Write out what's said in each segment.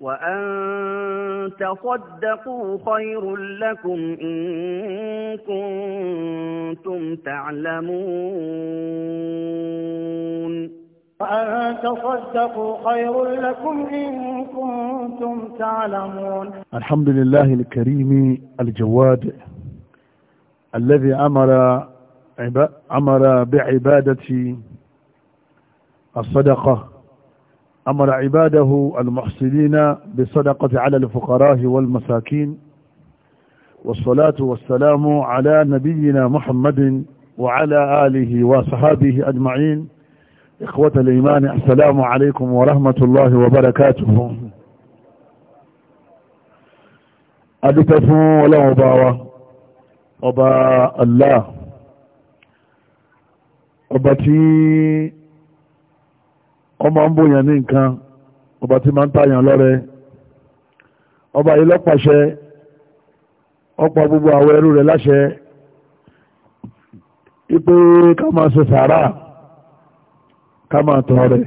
وأن تصدقوا خير لكم إن كنتم تعلمون وأن تصدقوا خير لكم إن كنتم تعلمون الحمد لله الكريم الجواد الذي أمر أمر بعبادة الصدقة أمر عباده المحسنين بالصدقة على الفقراء والمساكين والصلاة والسلام على نبينا محمد وعلى آله وصحابه أجمعين إخوة الإيمان السلام عليكم ورحمة الله وبركاته أدتفوا ولا أباوة أبا الله أبتي ọmọ ń bòyàn ní nǹkan ọba tí máa ń tàyàn lọ́rẹ ọba yìí lọ́pàṣẹ ọ̀pọ̀ gbogbo àwọn ẹrú rẹ̀ láṣẹ ipe ká máa ṣe sàárà ká máa tọrẹ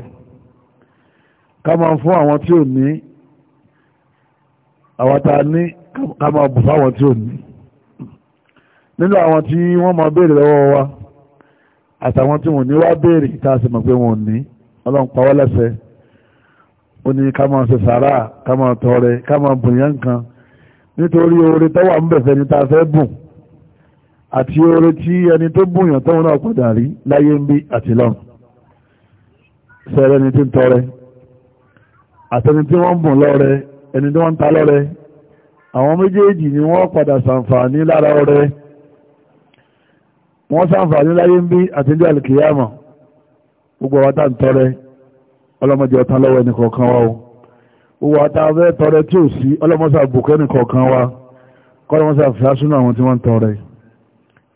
ká máa fún àwọn tí ò ní àwọn tá a ní ká máa bù fáwọn tí ò ní nínú àwọn tí wọ́n máa béèrè lọ́wọ́ wa àtàwọn tí wọ́n ní wá béèrè tá a sì mọ̀ pé wọ́n ní ọlọ́run pa wá láṣẹ ó ní ká máa ṣe sàárà ká máa tọrẹ ká máa bùn yẹn nǹkan nítorí oore tọ́wà ń bẹ̀fẹ̀ ní ta fẹ́ bùn àti oore tí ẹni tó bùn yàn tọ́wọ́n náà padà rí láyé ń bí àti lọ́run sẹ́rẹ́ ni tí ń tọrẹ àtẹni tí wọ́n ń bùn lọ́rẹ ẹni tí wọ́n ń ta lọ́rẹ àwọn méjèèjì ni wọ́n padà sàǹfààní lára ọrẹ wọ́n sàǹfààní láyé ń bí àti ní àlùkìyàmọ̀ gbogbo àwọn tá à ń tọrẹ ọlọ́mọdé ọ̀tá lọ́wọ́ ẹnì kọ̀ọ̀kan wa o gbogbo àwọn tá a fẹ́ tọrẹ tí ò sí ọlọ́mọsà bùkẹ́ ẹnì kọ̀ọ̀kan wa kọ́lọ́mọsà fi asúnú àwọn tí wọ́n ń tọrẹ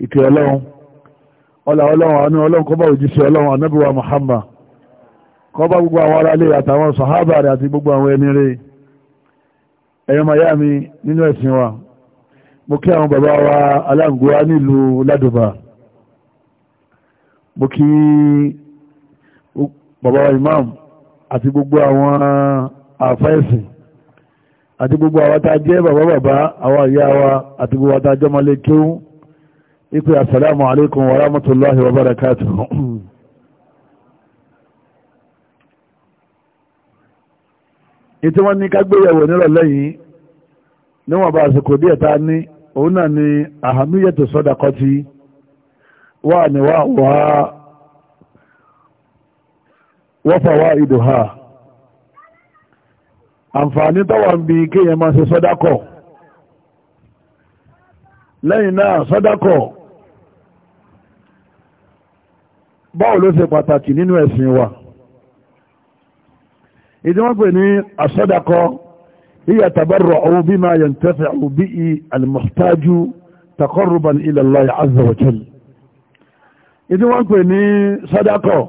ìkẹ́ ọlọ́run ọlà ọlọ́run àánú ọlọ́run kọ́bà òjíṣẹ́ ọlọ́run anábìwá Muhammad kọ́bà gbogbo àwọn aráalé àtàwọn sàhábà rẹ̀ àti gbogbo àwọn ẹni rẹ̀ ẹ̀yọ́ màyá mi nínú ẹ̀sìn wa mo kí àwọn bàbá wa aláǹgbó nílùú ládùbà mo kí bàbá imam àti gbogbo àwọn àfẹ́sìn àti gbogbo àwọn tá a jẹ́ bàbá bàbá àwọn ìyá wa àti gbogbo àtà jọmọlé kíún ipe assalamu alaikum wa rahmatullahi wa barakatuh ìtí wọ́n ní kágbéyàwó nírọ̀lẹ́ yìí níwọ̀n bá àsìkò díẹ̀ ta ní òun náà ni àhàmíyẹ̀tò sọ́dakọ́tì wà ní wà wà wa fawaiduha àǹfààní tọ́wà ń bi kéèyàn máa ṣe sọ́dákọ̀ lẹ́yìn náà sọ́dákọ̀ báwo ló ṣe pàtàkì nínú ẹ̀sìn wa ìdí wọ́n pè ní àsọ́dákọ̀ hiya tabarru'u bima yantafi'u bihi al-muhtaju taqarruban ila Allah azza wa jalla ìdí wọ́n pè ní sọ́dákọ̀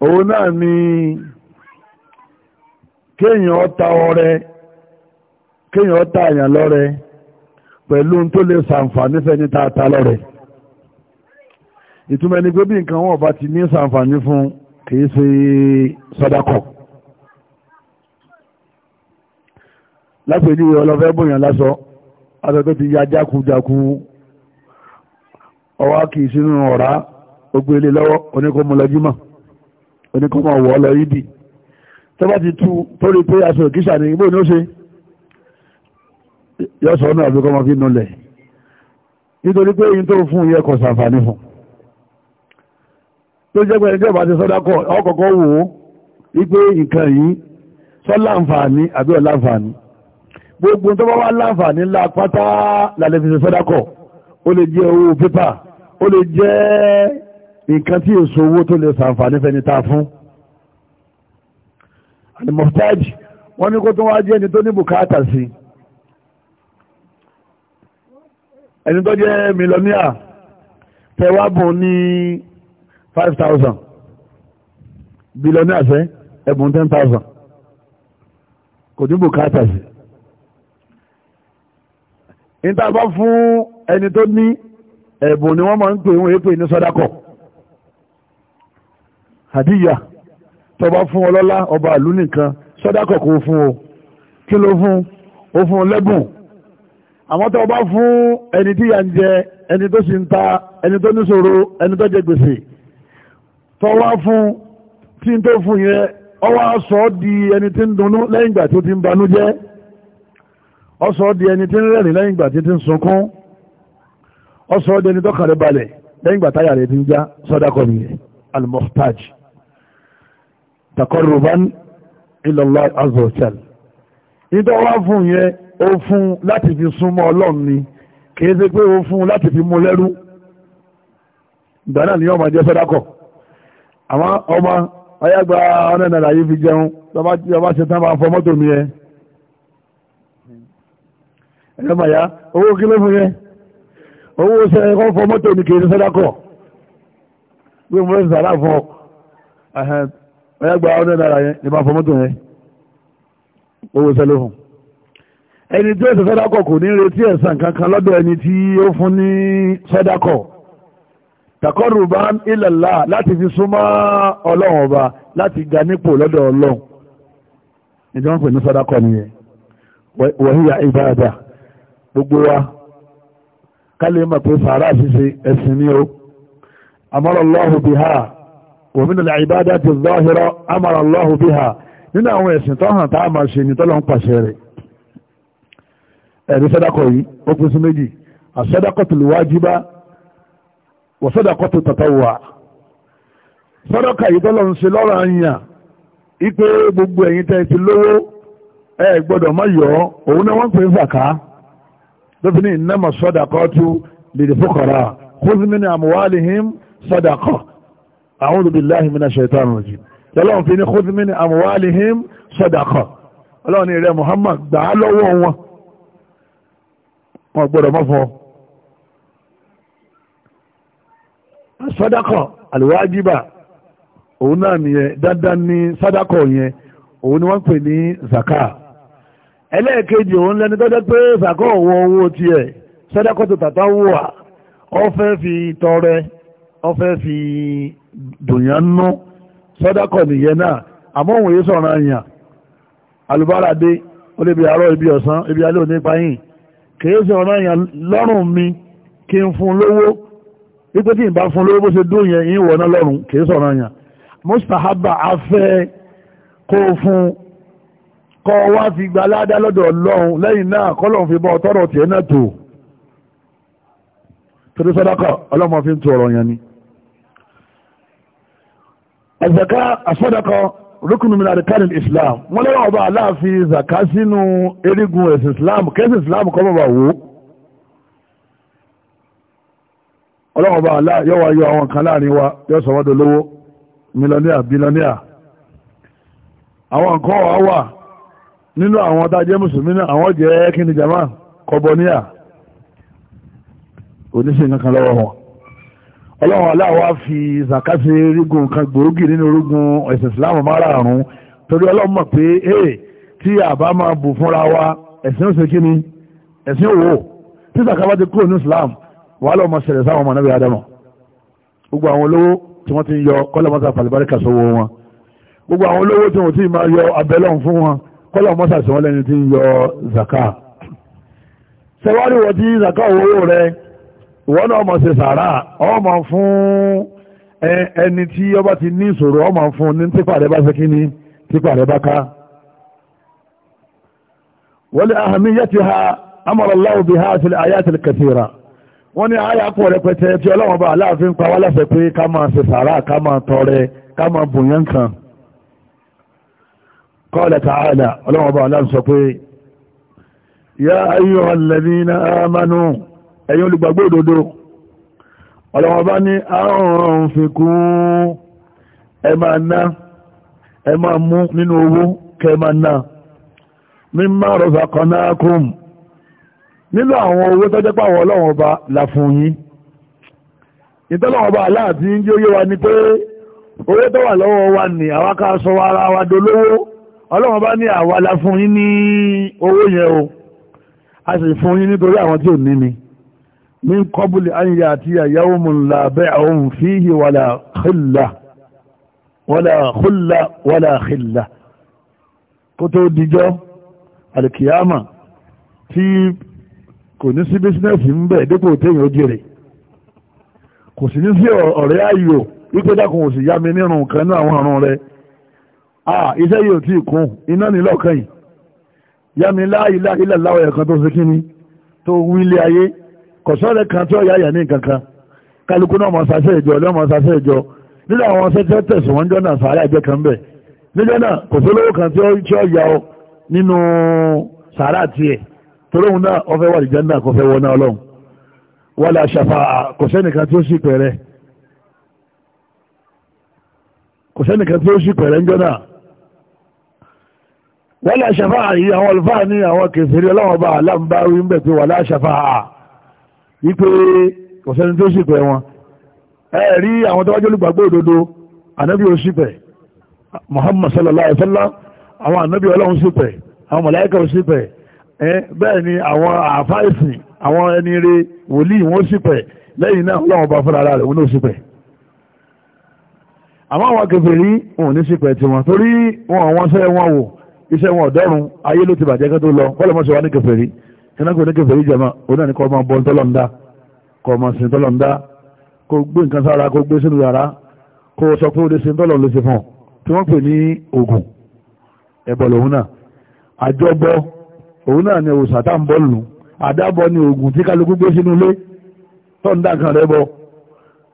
òun náà ni kéèyàn ọta ọrẹ kéèyàn ọta àyàn lọ́rẹ pẹ̀lú tó lè sàǹfààní fẹ́ni tààtà lọ́rẹ ìtumọ̀ ni pé bí nǹkan wọn bá ti ní sàǹfààní fún kìí ṣe sọ́dákọ̀ lápèjú ọlọ́fẹ́ bòyàn lásọ aṣọ tó ti ya jákujáku ọwá kìí sínú ọ̀rá ó gbélé lọ́wọ́ oníkó mọ́lọ́jímọ̀ oníkọ́mọ̀ wọ̀ ọ́ lọ yídì tó bá ti tú torí pé aṣọ òkísà ni ibò ní ó ṣe yọ sọ náà bí kọ́mọ fi nulẹ̀ nítorí pé yín tó fún yẹ kò sàǹfààní fún tó jẹ́ pé ẹjọ́ bá ti sọ́dá kọ ọkọ̀ọ̀kọ̀ wò ó wípé nǹkan yìí sọ láǹfààní àbí ọ̀ láǹfààní gbogbo tó bá wá láǹfààní ńlá pátá lálẹ́ fi ṣe sọ́dá kọ̀ ó lè jẹ́ owó pépà ó lè jẹ́ nǹkan tí èso owó tó lè sàǹfààní fẹ́ni ta fún alimọ̀tájì wọ́n ní kó tó wá jẹ́ ẹni tó ní bùkátà sí ẹni tó jẹ́ mílọ́níà tẹwàbùn ní 5,000 bílọ́níà sẹ́ ẹ̀bùn 10,000 kò ní bùkátà sí ìtàbá fún ẹni tó ní ẹ̀bùn ni wọ́n máa ń pè wọ́n èpè ní sọ́dákọ̀ àdíyà tọba fún ọlọ́lá ọba ìlú nìkan sọ́dákọ̀ kò fún o kí ló fún o fún lẹ́bùn àmọ́ tọba fún ẹni tí yà ń jẹ ẹni tó sì ń ta ẹni tó níṣòro ẹni tó jẹ gbèsè tọwa fún tí n tó fún yẹn ọwọ́ sọ di ẹni tí ń dunnú lẹ́yìn ìgbà tó ti ń banú jẹ́ ó sọ di ẹni tí ń rẹ̀rìn lẹ́yìn ìgbà tí ti ń sunkún ó sọ di ẹni tó kàrẹ́ balẹ̀ lẹ́yìn ìgbà táyà rẹ̀ ti ń já sọ́dákọ̀ nìyẹn al takarruban ila Allah azza wa jal nítorí wá fún yẹn ó fún láti fi súnmọ́ ọlọ́run ni kìí ṣe pé ó fún láti fi mú lẹ́rú ìgbà náà ni ọmọ jẹ́ sọ́dákọ̀ àwọn ọmọ ayágba ọ̀nà nàrà yìí fi jẹun lọ́ba ṣe tán máa fọ mọ́tò mi yẹn ẹ̀rọ màyá owó kí ló fún yẹn owó ṣe ẹ̀kọ́ fọ mọ́tò mi ọ̀yá gba ọdún náírà yẹn ní bá fọ mọ́tò yẹn owó sẹ́lófún ẹni tí ó ṣe sọ́dákọ̀ kò ní retí ẹ̀san kankan lọ́dọ̀ ẹni tí ó fún ní sọ́dákọ̀ takọ́rùbá ìlàlá láti fi súnmọ́ ọlọ́run ọba láti ga nípò lọ́dọ̀ ọlọ́run ìjọ ń pè ní sọ́dákọ̀ nìyẹn wọ̀híyà ìbáradà gbogbo wa ká lè mọ̀ pé sàárà ṣíṣe ẹ̀sìn ni ó amọ́rọ̀ lọ́hùn bíi háà ومن العبادات الظاهرة أمر الله بها nínú àwọn ẹ̀sìn tó hàn táà máa ṣe ní tọ́lọ́ ń pàṣẹ rẹ̀ ẹ̀rí sọ́dákọ̀ yìí ó pín sí ipe gbogbo ẹ̀yin tẹ́ ti lówó ẹ gbọ́dọ̀ má yọ òun náà wọ́n pè ní ìnáma lè a'udhu billahi minash shaitani rajim tọ́lọ́run fi ní khudh min amwalihim sadaqa ọlọ́run ní rẹ̀ Muhammad gbà á lọ́wọ́ wọn wọn gbọ́dọ̀ mọ́ fọ́ sadaqa alwajiba òun náà nìyẹn dandan ní sadaqa yẹn òun ni wọ́n pè ní zaka ẹlẹ́ẹ̀kejì òun lẹ́ni tọ́jọ́ pé zaka ọ̀wọ́ owó tiẹ̀ sadaqa tó tàtà wùwà ọ fẹ́ fi tọrẹ ọfẹ́ fi dùnyàn nú sọ́dákọ̀ nìyẹn náà àmọ́ òun yìí sọ̀rọ̀ àyàn alùbára dé ó lè bi àárọ̀ ibi ọ̀sán ibi alẹ́ òní payín kìí sọ̀rọ̀ àyàn lọ́rùn mi kí n fún lówó wípé tí n bá fún lówó bó ṣe dùn yẹn yín wọ̀ná lọ́rùn kìí sọ̀rọ̀ àyàn mustahaba afẹ́ kó fún kọ́ wá fi gba aládá lọ́dọ̀ ọlọ́run lẹ́yìn náà kọ́lọ́run fi bọ́ ọtọ́rọ̀ tiẹ̀ náà tó torí sọ́dákọ̀ ọlọ́mọ fi ń tu ọ̀rọ̀ yẹn ni àzàká àsọ́dọ̀kọ rúkùnù min arkanil islam wọ́n lọ́wọ́ ọba aláàfin zàká sínú erigun ẹ̀sìn islam kẹ́sìn islam kọ́ bàbà wò ọlọ́wọ́ ọba alá yọ wá yọ àwọn kan láàrin wa yọ sọ wọ́n dolówó mílíọ̀nìyà bílíọ̀nìyà àwọn nǹkan wà wà nínú àwọn tá a jẹ́ mùsùlùmí náà àwọn jẹ́ kí ni jama kọ́bọ̀níyà oníṣẹ́ nǹkan wọn ọlọ́run aláwa fi zakasi rígun kan gbòógì nínú orígun ẹ̀sìn islam márààrún torí ọlọ́run mọ̀ pé ee tí àbá máa bù fúnra wa ẹ̀sìn òsè kí ni ẹ̀sìn òwò tí zakaba ti kúrò ní islam wàhálà ọmọ ṣẹlẹ̀ sáwọn ọmọ nàbẹ̀ adama gbogbo àwọn olówó tí wọ́n ti ń yọ kọ́lọ́mọ́sá pàlìbáríkà sówó wọn gbogbo àwọn olówó tí wọ́n ti máa yọ abẹ́lọ́n fún wọn kọ́lọ́mọ́sá sọ wọ́n lẹ́ni tí yọ zaka ṣẹwárí wọ́n ti zaka owó rẹ̀ ìwọ náà ọmọ ṣe sàárà ọmọ fún ẹni tí ọba ti ní ìṣòro ọmọ fún ní típa rẹ bá ṣe ni típa rẹ bá ká wọ́n ha amọ̀rọ̀láwò bí ha àti àyàtì kẹtìrà wọ́n ní àyà pọ̀ rẹpẹtẹ tí ọlọ́wọ́n bá aláàfin pa wá láṣẹ pé ká máa ṣe sàárà ká máa tọrẹ ká máa bùnyán kan ẹ̀yin olùgbàgbọ́ òdodo ọlọ́wọ́n bá ní àrùn fìkún ẹ máa ná ẹ máa mú nínú owó kẹ máa ná mímá rọ̀sà kan náà kùn nínú àwọn owó tọ́jẹ́ pàwọ̀ ọlọ́wọ́n bá fún yín ìtọ́lọ́wọ́n aláàtí ń jẹ́ oyé wa ni pé owó tó wà lọ́wọ́ wa ní àwa ká sọ ara wa dolówó ọlọ́wọ́n bá ní àwa la fún yín ní owó yẹn o a sì fún yín nítorí àwọn tí ò ní ni min kọbùlì an yà àti àyàwó mun làbẹ́ àwọn fíhì wàlà hùlà wàlà hùlà kó tó dijọ́ alkiyama tí kò ní sí bísínẹ́sì ń bẹ̀ dípò téèyàn ó jèrè kò sì ní sí ọ̀rẹ́ ayò wípé dákun kò sì yá mi nírun kan ní àwọn àrùn rẹ̀ ah iṣẹ́ yìí ò tí kún iná nílọ̀kan yìí yá mi láàyè láàyè láwọ̀ ẹ̀kan tó ṣe kíni tó wí ayé kọ̀sọ́rẹ́ kan tí ó yá yà ní kankan kálukú náà mọ̀ sàṣẹ́ ìjọ lọ́mọ sàṣẹ́ ìjọ nínú àwọn sẹ́tẹ́ tẹ̀sùn wọn jọ náà sàárà ìjẹ́ kan bẹ̀ níjọ́ náà kò sólówó kan tí ó yá ọ nínú sàárà tiẹ̀ toróhun náà ọfẹ́ wà lìjẹ́ náà kò fẹ́ wọ náà ọlọ́run wà lá ṣàfà kò tí ó sì pẹ̀rẹ́ kò wà lá ṣàfà yìí àwọn olùfáà ní àwọn kèfèrí ọlọ́run bá aláǹbáwí ń bẹ̀ pé wà lá ṣàfà wípé kọ̀sẹ́ni tó ṣìpẹ̀ wọn ẹ rí àwọn tó wájú olùgbàgbọ́ òdodo ànábì ò ṣìpẹ̀ Muhammad sallallahu alaihi wa sallam àwọn ànábì ọlọ́run ṣìpẹ̀ àwọn màláíkà ò ṣìpẹ̀ ẹ bẹ́ẹ̀ ni àwọn àáfáà ẹ̀sìn àwọn ẹni rẹ wòlíì wọn ṣìpẹ̀ lẹ́yìn náà ọlọ́run ọba fúnra rẹ̀ wọn ò ṣìpẹ̀ àmọ́ àwọn kèfèrí wọn ò ní ṣìpẹ̀ tiwọn torí wọn àwọn iṣẹ́ wọn wò iṣẹ́ wọn ọ̀dọ́run ayé ló ti bàjẹ́ kẹ́ tó lọ kọ́lọ́mọ́sọ wa ní kèfèrí ìnáko ní kẹfẹ́ yìí jama ó náà ní kọ́ ọmọ bọ́ ntọ́lọ́ndá kọ́ ọmọ sin tọ́lọ́ndá kó gbé nǹkan sára kó gbé sínú yàrá kó sọ pé ó lè sin tọ́lọ́ ló ṣe fún ọ tí wọ́n pè ní oògùn ẹbọ lòun náà àjọbọ òun náà ni òòsà tá à ń bọ́ lù àdábọ ni oògùn tí kálukú gbé sínú ilé tọ́ndá kan rẹ bọ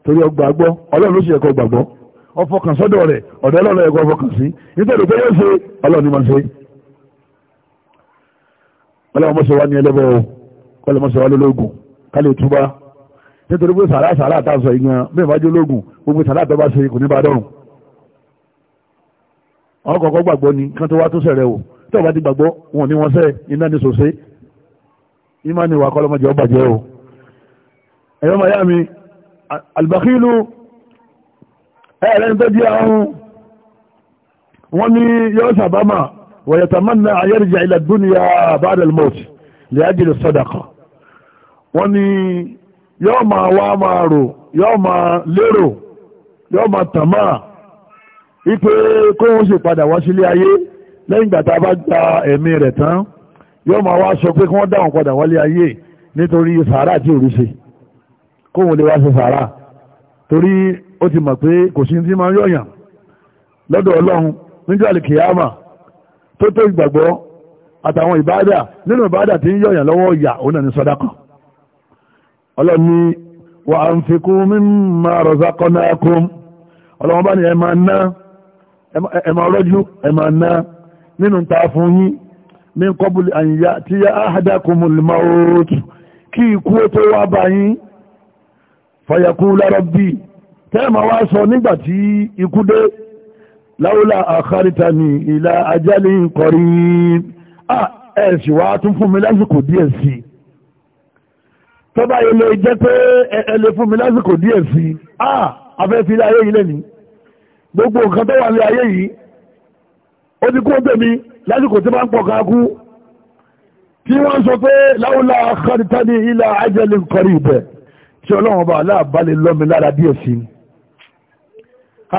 torí ọgbàgbọ́ ọlọ́run ló ṣe ẹ̀kọ́ gbàgbọ́ ọfọkànsọ́dọ̀ rẹ̀ ọ̀dọ́ ọlọ́run ẹ̀kọ́ ọfọkànsí nítorí pé yóò ṣe ọlọ́run ni mo ṣe kọ́lọ́wọ́ mọ́sẹ̀ wá ní ẹlẹ́bọ̀ o kọ́lọ́ mọ́sẹ̀ wá lólógùn ká lè túbá nítorí pé sàrá sàrá àtàsọ ìyàn bẹ́ẹ̀ bá jólógùn gbogbo sàrá àtàbá ṣe kò ní bá dọ̀rùn àwọn kọ̀ọ̀kọ́ gbàgbọ́ ni kán tó wá tó sẹ̀rẹ̀ o tí ọba ti gbàgbọ́ wọn ni wọn sẹ́ iná ni sòsé ìmá ni ìwà kọ́lọ́mọdé ọba jẹ́ o ẹ̀yọ́ máa yá mi albakilu ẹ̀ẹ́rẹ́ni tó wọn ni yọ́ ويتمنى أن يرجع إلى الدنيا بعد الموت لأجل الصدقة وني ní وامارو máa wá máa rò yóò máa lérò yóò máa tàmà ipe kóhun sì padà wá sílé ayé lẹ́yìn ìgbà tá a bá gba ẹ̀mí rẹ̀ tán yóò máa wá sọ pé kí wọ́n dáhùn padà wálé ayé nítorí sàárà tí òru ṣe kóhun lè wá ṣe sàárà torí ó ti mọ̀ pé kò sí ní tí máa yọ̀yàn lọ́dọ̀ ọlọ́run níjọ́ àlìkìyàmà tó tó ìgbàgbọ́ àtàwọn ìbáàdà nínú ìbáàdà tí ń yọ̀yàn lọ́wọ́ ìyà òun náà ni sàdákà ọlọ́ni wa anfiqu mimma razaqnakum ọlọ́wọ́n bá ní ẹ máa ná ẹ máa rọ́jú ẹ máa ná nínú ta fún yín min kí ikú tó wá bá yín wá láúlà àkárítà ní ìlà ajálì kọrí ẹ̀ṣì wá tún fún mi lásìkò díẹ̀ sí tó bá ilé jẹ́ pé ẹlẹ́ fún mi lásìkò díẹ̀ sí afẹ́fẹ́ ilé ayé yìí lẹ́ni gbogbo nǹkan tó wà ní ayé yìí ó ti kó tèmi lásìkò tí máa ń pọ̀ káàkú tí wọ́n sọ pé láúlà àkárítà ní ìlà ajálì kọrí ibẹ̀ tí ọlọ́run bá aláàbálẹ̀ lọ́mi lára díẹ̀ sí ni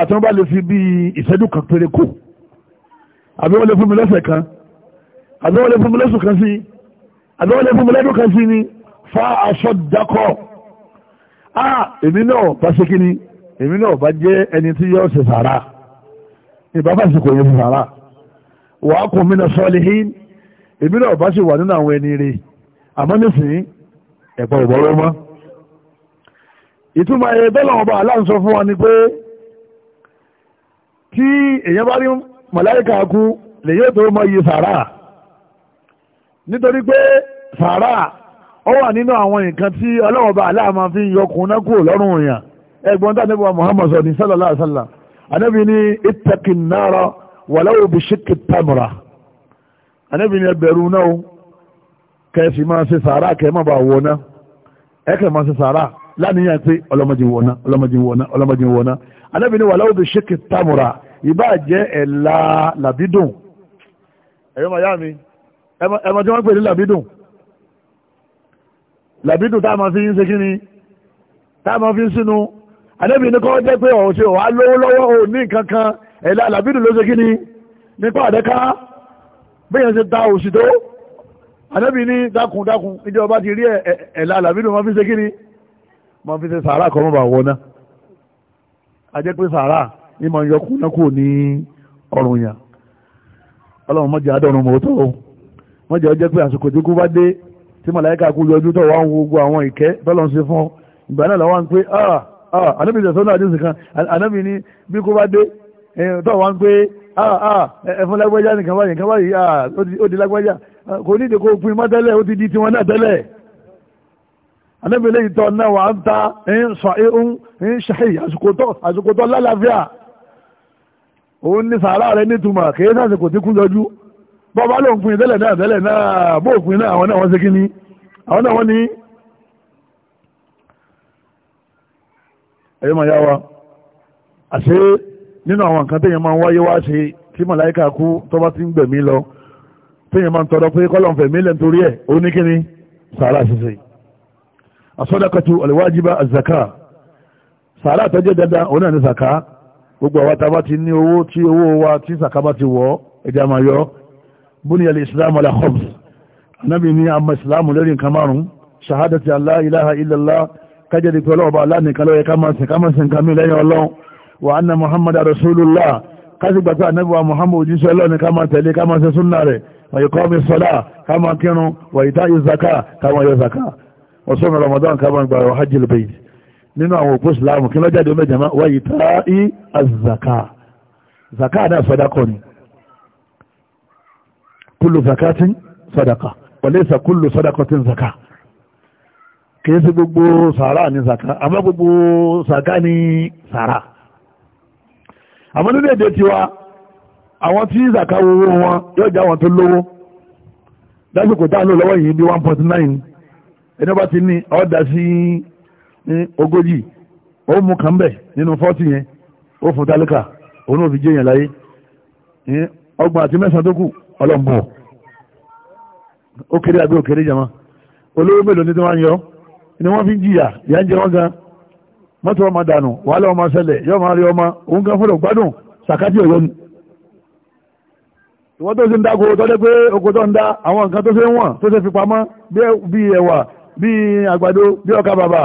àti wọ́n bá lè fi bí ìṣẹ́jú kan péré kù àbí wọ́n lè fún mi lọ́sẹ̀ kan àbí wọ́n lè fún mi lọ́sùn kan sí àbí wọ́n lè fún mi lọ́dún kan sí ni fa aṣọ dakọ̀ a èmi náà bá ṣe kí ni èmi náà bá jẹ́ ẹni tí yóò ṣe sàrà ìbá fàṣìkò yẹn ṣe sàrà wà á kún mi náà sọ́ọ́lì hín èmi náà bá ṣe wà nínú àwọn ẹni rè àmọ́ nísìnyí ẹ̀pọ̀ ìbọ̀rọ̀ mọ́ ìtumọ̀ ẹ̀ bẹ́ẹ̀ làwọn ọba aláǹsọ fún wa ni pé tí èèyàn bá rí màláíkà kú lè yóò tó mọ iye sàárà nítorí pé sàárà ó wà nínú àwọn nǹkan tí ọlọ́wọ́n bá aláà máa fi yọkùn náà kúrò lọ́rùn èèyàn ẹgbọ́n tá ànábì wa Muhammad sọ̀dí sallallahu alaihi wasallam ànábì ní ittaqin nara walau bishiqqi tamra ànábì ní ẹ náà kẹ́ẹ̀sì máa ṣe sàárà kẹ́ẹ̀ má bàa wọ̀ náà ẹ̀kẹ́ máa ṣe sàárà láníyàn pé ọlọ́mọdé wọ̀ná ọlọ́mọdé wọ̀ná ọlọ́mọdé wọ̀ná anábì ní wàláwò bí ṣékè tamura ìbá jẹ́ ẹ̀la làbídùn ẹ̀yọ́ màá yá mi ẹ̀mọ tí wọ́n pè ní làbídùn làbídùn tá a máa fi ń ṣe kíni tá a máa fi ń sínú anábì ní kọ́ jẹ́ pé ọ̀hún ṣe wàá lówó lọ́wọ́ ò ní nǹkan kan ẹ̀la làbídùn ló ṣe kíni nípa àdẹ́ká bẹ́ẹ̀ ṣe ta òṣìdó anábì ní dákun dákun ìjọba ti rí ẹ̀la làbídùn máa fi ṣe kíni máa fi ṣe sàárà kọ́ mọ́ba wọná a jẹ́ pé sàárà ní máa yọ kúnná kò ní ọrùn yàn ọlọ́run mọ̀jẹ̀ adọ́run mọ̀ tó mọ̀jẹ̀ ọjọ́ pé àsìkò tí kú bá dé tí màláìka kú yọjú tó wà ń wo gbogbo àwọn ìkẹ́ tọ́lọ́run ṣe fún ìgbà náà làwọn pé ah ah anábì ìṣẹ̀sọ́ náà àdéhùn kan anábì ní bí kú bá dé tọ́ wà pé ah ah ẹ̀fọn lágbájá nìkan báyìí nìkan báyìí ah ó di lágbájá ah, kò ní ìdè kó pin mọ́ tẹ́lẹ̀ ó ti di tiwọn náà tẹ́lẹ̀ anábì lè tọ́ náà wà ń ta ń sọ ń ń ṣàì àsìkò tó lálàáfíà òun ní sàárà rẹ nítumọ̀ kì í sàsìkò tí kún jọjú bọ́ọ̀bá ló ń pin tẹ́lẹ̀ náà tẹ́lẹ̀ náà bó òpin náà àwọn náà wọ́n ṣe kí ni àwọn náà wọ́n ní. ẹ̀yọ́ máa yá wa àṣé nínú àwọn nǹkan téèyàn máa ń wáyé wá ṣe tí màláìka kú tó bá ti ń gbẹ̀mí lọ téèyàn máa ń tọrọ asọ́dákàtú alwajiba azaka sàárà tọ́jẹ́ dandan òun náà ní zaka gbogbo àwọn tá a bá ti ní owó tí owó wa tí zaka bá ti wọ̀ ẹja máa yọ bóni alẹ́ islam ala khams anábì ní àmà islam lórí nǹkan márùn-ún shahadati allah ilaha illallah kájẹ́dì pé ọlọ́ọ̀bá aláàníkan lọ́yẹ ká máa sìn ká máa sìn kàmí lẹ́yìn ọlọ́run wa anna muhammad rasulullah kájí gbàgbé anábì wa muhammad òjíṣẹ́ ọlọ́run ká máa tẹ̀lé ká máa ṣe súnà rẹ̀ wa yuqami salah ká máa kírun wa ita'i zaka ká máa yọ zaka ọ̀sọ́nà Ramadan kábọn gbà wà hajjil bayt nínú àwọn òpó Islam kí lọ́jáde ọmọ ìjàmá wà yìí tá í azaka zaka náà sadaka ni kullu zakatin sadaka wa laysa kullu sadakatin zaka kìí sí gbogbo sàárà ní zaka àmọ́ gbogbo zaka ní sàárà àmọ́ nínú èdè tiwa àwọn tí zaka wọ́wọ́ wọn yóò já wọn tó lówó lásìkò táà lò lọ́wọ́ yìí bí 1.9 ẹni ọba ti ní ọ̀dà sí ogójì ó mú kan bẹ̀ nínú fọ́tì yẹn ó fún tálíkà òun náà fi jẹ́ yẹn láyé ọgbọ̀n àti mẹ́sàn-án tó kù ọlọ́mbọ̀ ó kéré àbí òkèrè jama olówó mélòó ni tí wọ́n yọ ni wọ́n fi ń jìyà ìyà ń jẹ wọ́n gan mọ́tò ọmọ dànù wàhálà ọmọ ṣẹlẹ̀ yọ máa rí ọmọ òun gan fọ́dọ̀ gbádùn sàkátì ọ̀yọ́ ni ìwọ́n tó ṣe ń dáko tọ́lẹ́ pé oko tó ń dá àwọn nǹkan tó ṣe ń wọ̀n tó ṣe fi pamọ́ bí ẹwà bíi àgbàdo bíi ọkà bàbà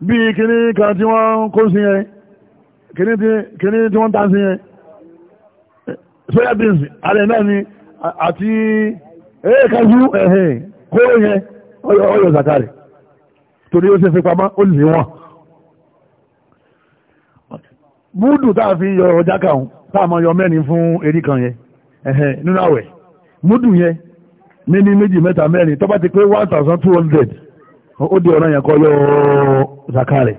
bíi kíní kan tí wọ́n kó sí yẹn kíní tí wọ́n ta sí yẹn soya beans alẹ́ náà ni àti ẹ̀ẹ́ eh, kájú ẹ̀hìn kóró yẹn ọyọ zakari torí ó ṣe fi pamọ́ ó lè wọ́n múdù tá a fi yọ ọjà kàún tá a máa yọ mẹ́rin fún erí kan yẹn ẹ̀hìn nínú àwẹ̀ múdù yẹn níní méjì mẹ́ta mẹ́rin tó bá ti pé one thousand two hundred ó di ọ̀ràn yẹn kọ́ yọ zaka rẹ̀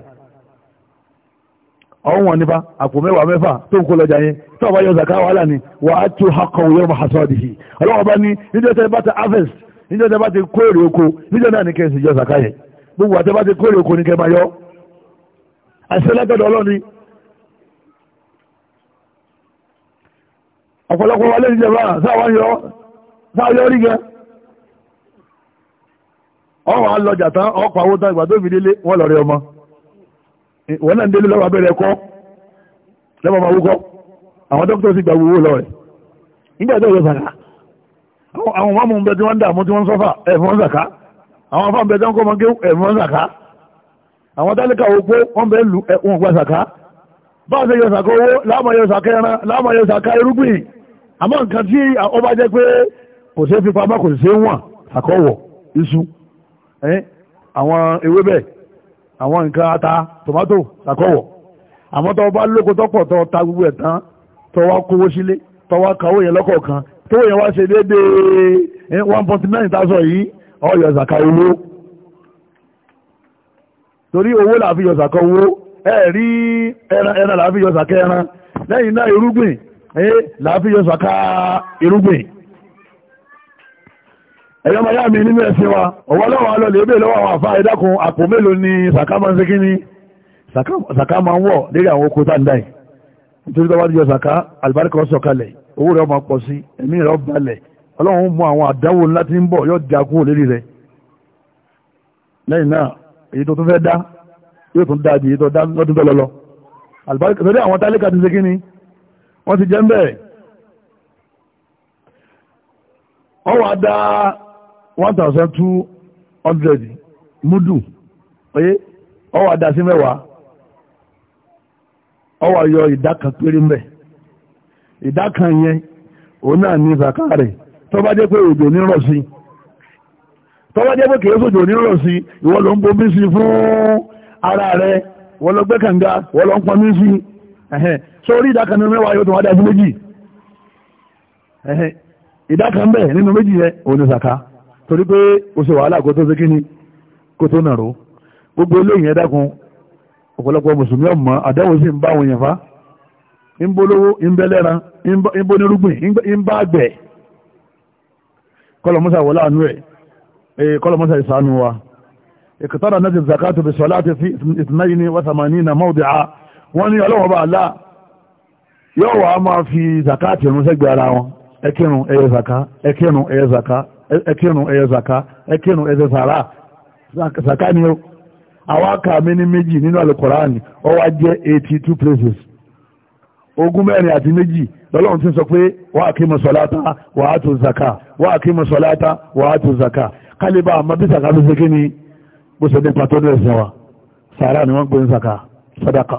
ọ̀hún wọn nípa àpò mẹ́wàá mẹ́fà tó ń kó lọ́jà yẹn tó bá yọ zaka wàhálà ni wà á tún hakọ̀wé yọ mahasadihi ọlọ́wọ́ bá ní níjọ́ tẹ́ bá ti harvest níjọ́ tẹ́ bá ti kó èrè oko níjọ́ náà ní kẹ́ ẹ̀ sì yọ zaka yẹn gbogbo àtẹ́ bá ti kó èrè oko ní kẹ́ máa yọ àṣẹ lẹ́gbẹ̀dọ̀ ọlọ́ni ọ̀pọ̀lọpọ̀ wa lè jẹba sáwọn yọ sáwọn yọ rí gan ọwọ́ alọ́jà tán ọkọ̀ àwọn tán ìgbà tó fi délé wọ́n lọ́rẹ́ ọmọ wọ́n náà ń délé lọ́wọ́ abẹ́rẹ́ kọ́ lọ́wọ́ máa wúkọ́ àwọn dókítà sì gba owó lọ rẹ̀ nígbà tó yọ sàkà àwọn ọmọ mú bẹ tí wọ́n ń dààmú tí wọ́n ń sọ́fà ẹ̀fọ́n sàkà àwọn afọ́ bẹ tí wọ́n kọ́ mọ́gé ẹ̀fọ́n sàkà àwọn tálíkà òpó wọ́n bẹ lu ẹ̀wọ̀n gba sàkà bá a ṣe yọ sàkà owó láàmà yọ sàkà ẹran láàmà yọ sàkà irúgbìn àmọ́ nǹkan tí ọba jẹ́ pé kò ṣeé fi pamọ́ kò ṣeé wọ̀n sàkọ́wọ̀ iṣu àwọn ewébẹ̀ àwọn nǹkan ata tomato sàkọwọ̀ àmọ́ tó bá lóko tọ́pọ̀ tó ta gbogbo ẹ̀ tán tó wá kówó sílé tó wá kàwó yẹn lọ́kọ̀ọ̀kan tó yẹn wá ṣe déédéé one point nine thousand yìí ọ̀yọ̀ zaka owó torí owó làfi yọ zaka owó ẹ̀rí ẹran ẹran làfi yọ zaka ẹran lẹ́yìn náà irúgbìn làfi yọ zaka irúgbìn ẹ̀yọ́ ma yá mi nínú ẹ̀sìn wa ọ̀wọ́ lọ́wọ́ alọ́ lè bèèrè lọ́wọ́ àwọn àfá ẹ̀dákun àpò mélòó ni sàkámà ń sékí ni sàkámà ń wọ̀ lérí àwọn oko tàǹdáì nítorí tó bá jẹ́ sàká àlùbáríkà ọ̀sọ̀ kalẹ̀ owó rẹ̀ ọmọ pọ̀ sí ẹ̀mí rẹ̀ balẹ̀ ọlọ́run mú àwọn àdáwò ńlá tí ń bọ̀ yóò já kúrò lérí rẹ̀ lẹ́yìn náà èyí tó tún fẹ́ dá yóò tún dá ju èyí tó dá lọ́dún tó lọ́lọ́ àlùbáríkà torí ni wọ́n ti one thousand two hundred múdù oye ọwọ́ adásí mẹ́wàá yọ ìdá péré mbẹ̀ ìdá yẹn òun náà ní ìfàkà tọba tó jẹ́ pé òjò ní sí jẹ́ pé kìí sojò ní sí fún ara rẹ wọlọ ló gbẹ́ kànga ń sí sórí nínú yóò tó wá dá sí méjì torí pé o ṣe wàhálà kó tó ṣe kíni kó tó nàró gbogbo eléyìí ẹ̀dákun ọ̀pọ̀lọpọ̀ mùsùlùmí ọ̀mọ́ àdáwò sí ń bá àwọn èèyàn fa ń bólówó ń bẹ́lẹ́ran ń bó nírúgbìn ń bá àgbẹ̀ kọlọmọsà wọlé àánú ẹ̀ kọlọmọsà ìsànú wa ìkàtàrà náà ti zakatu bí sọlá ti fi ìtìnáyí ní wàtàmání na mọ́ọ̀dì a wọ́n ní ọlọ́wọ́ bá àlá yóò wà máa fi zakatu ìrúnṣẹ́gbẹ̀ ẹkírun ẹyẹ zaka ẹkírun ẹyẹ zaka ẹkírun ẹyẹ zaka ẹkírun ẹyẹ sàrà zaka ni o àwọn aka mi ní méjì nínú alukoraani ó wá jẹ́ eighty two places ogún mẹ́rin àti méjì lọ́lọ́run ti sọ pé wà á kí mo sọ̀láta wà á tó zaka wà á kí mo sọ̀láta wà á tó zaka kálíbà àmọ́ bí fi ṣe kí ni bó ṣe ní pàtó ní ẹ̀sìn wa sàrà ni wọ́n gbé ní zaka sadaka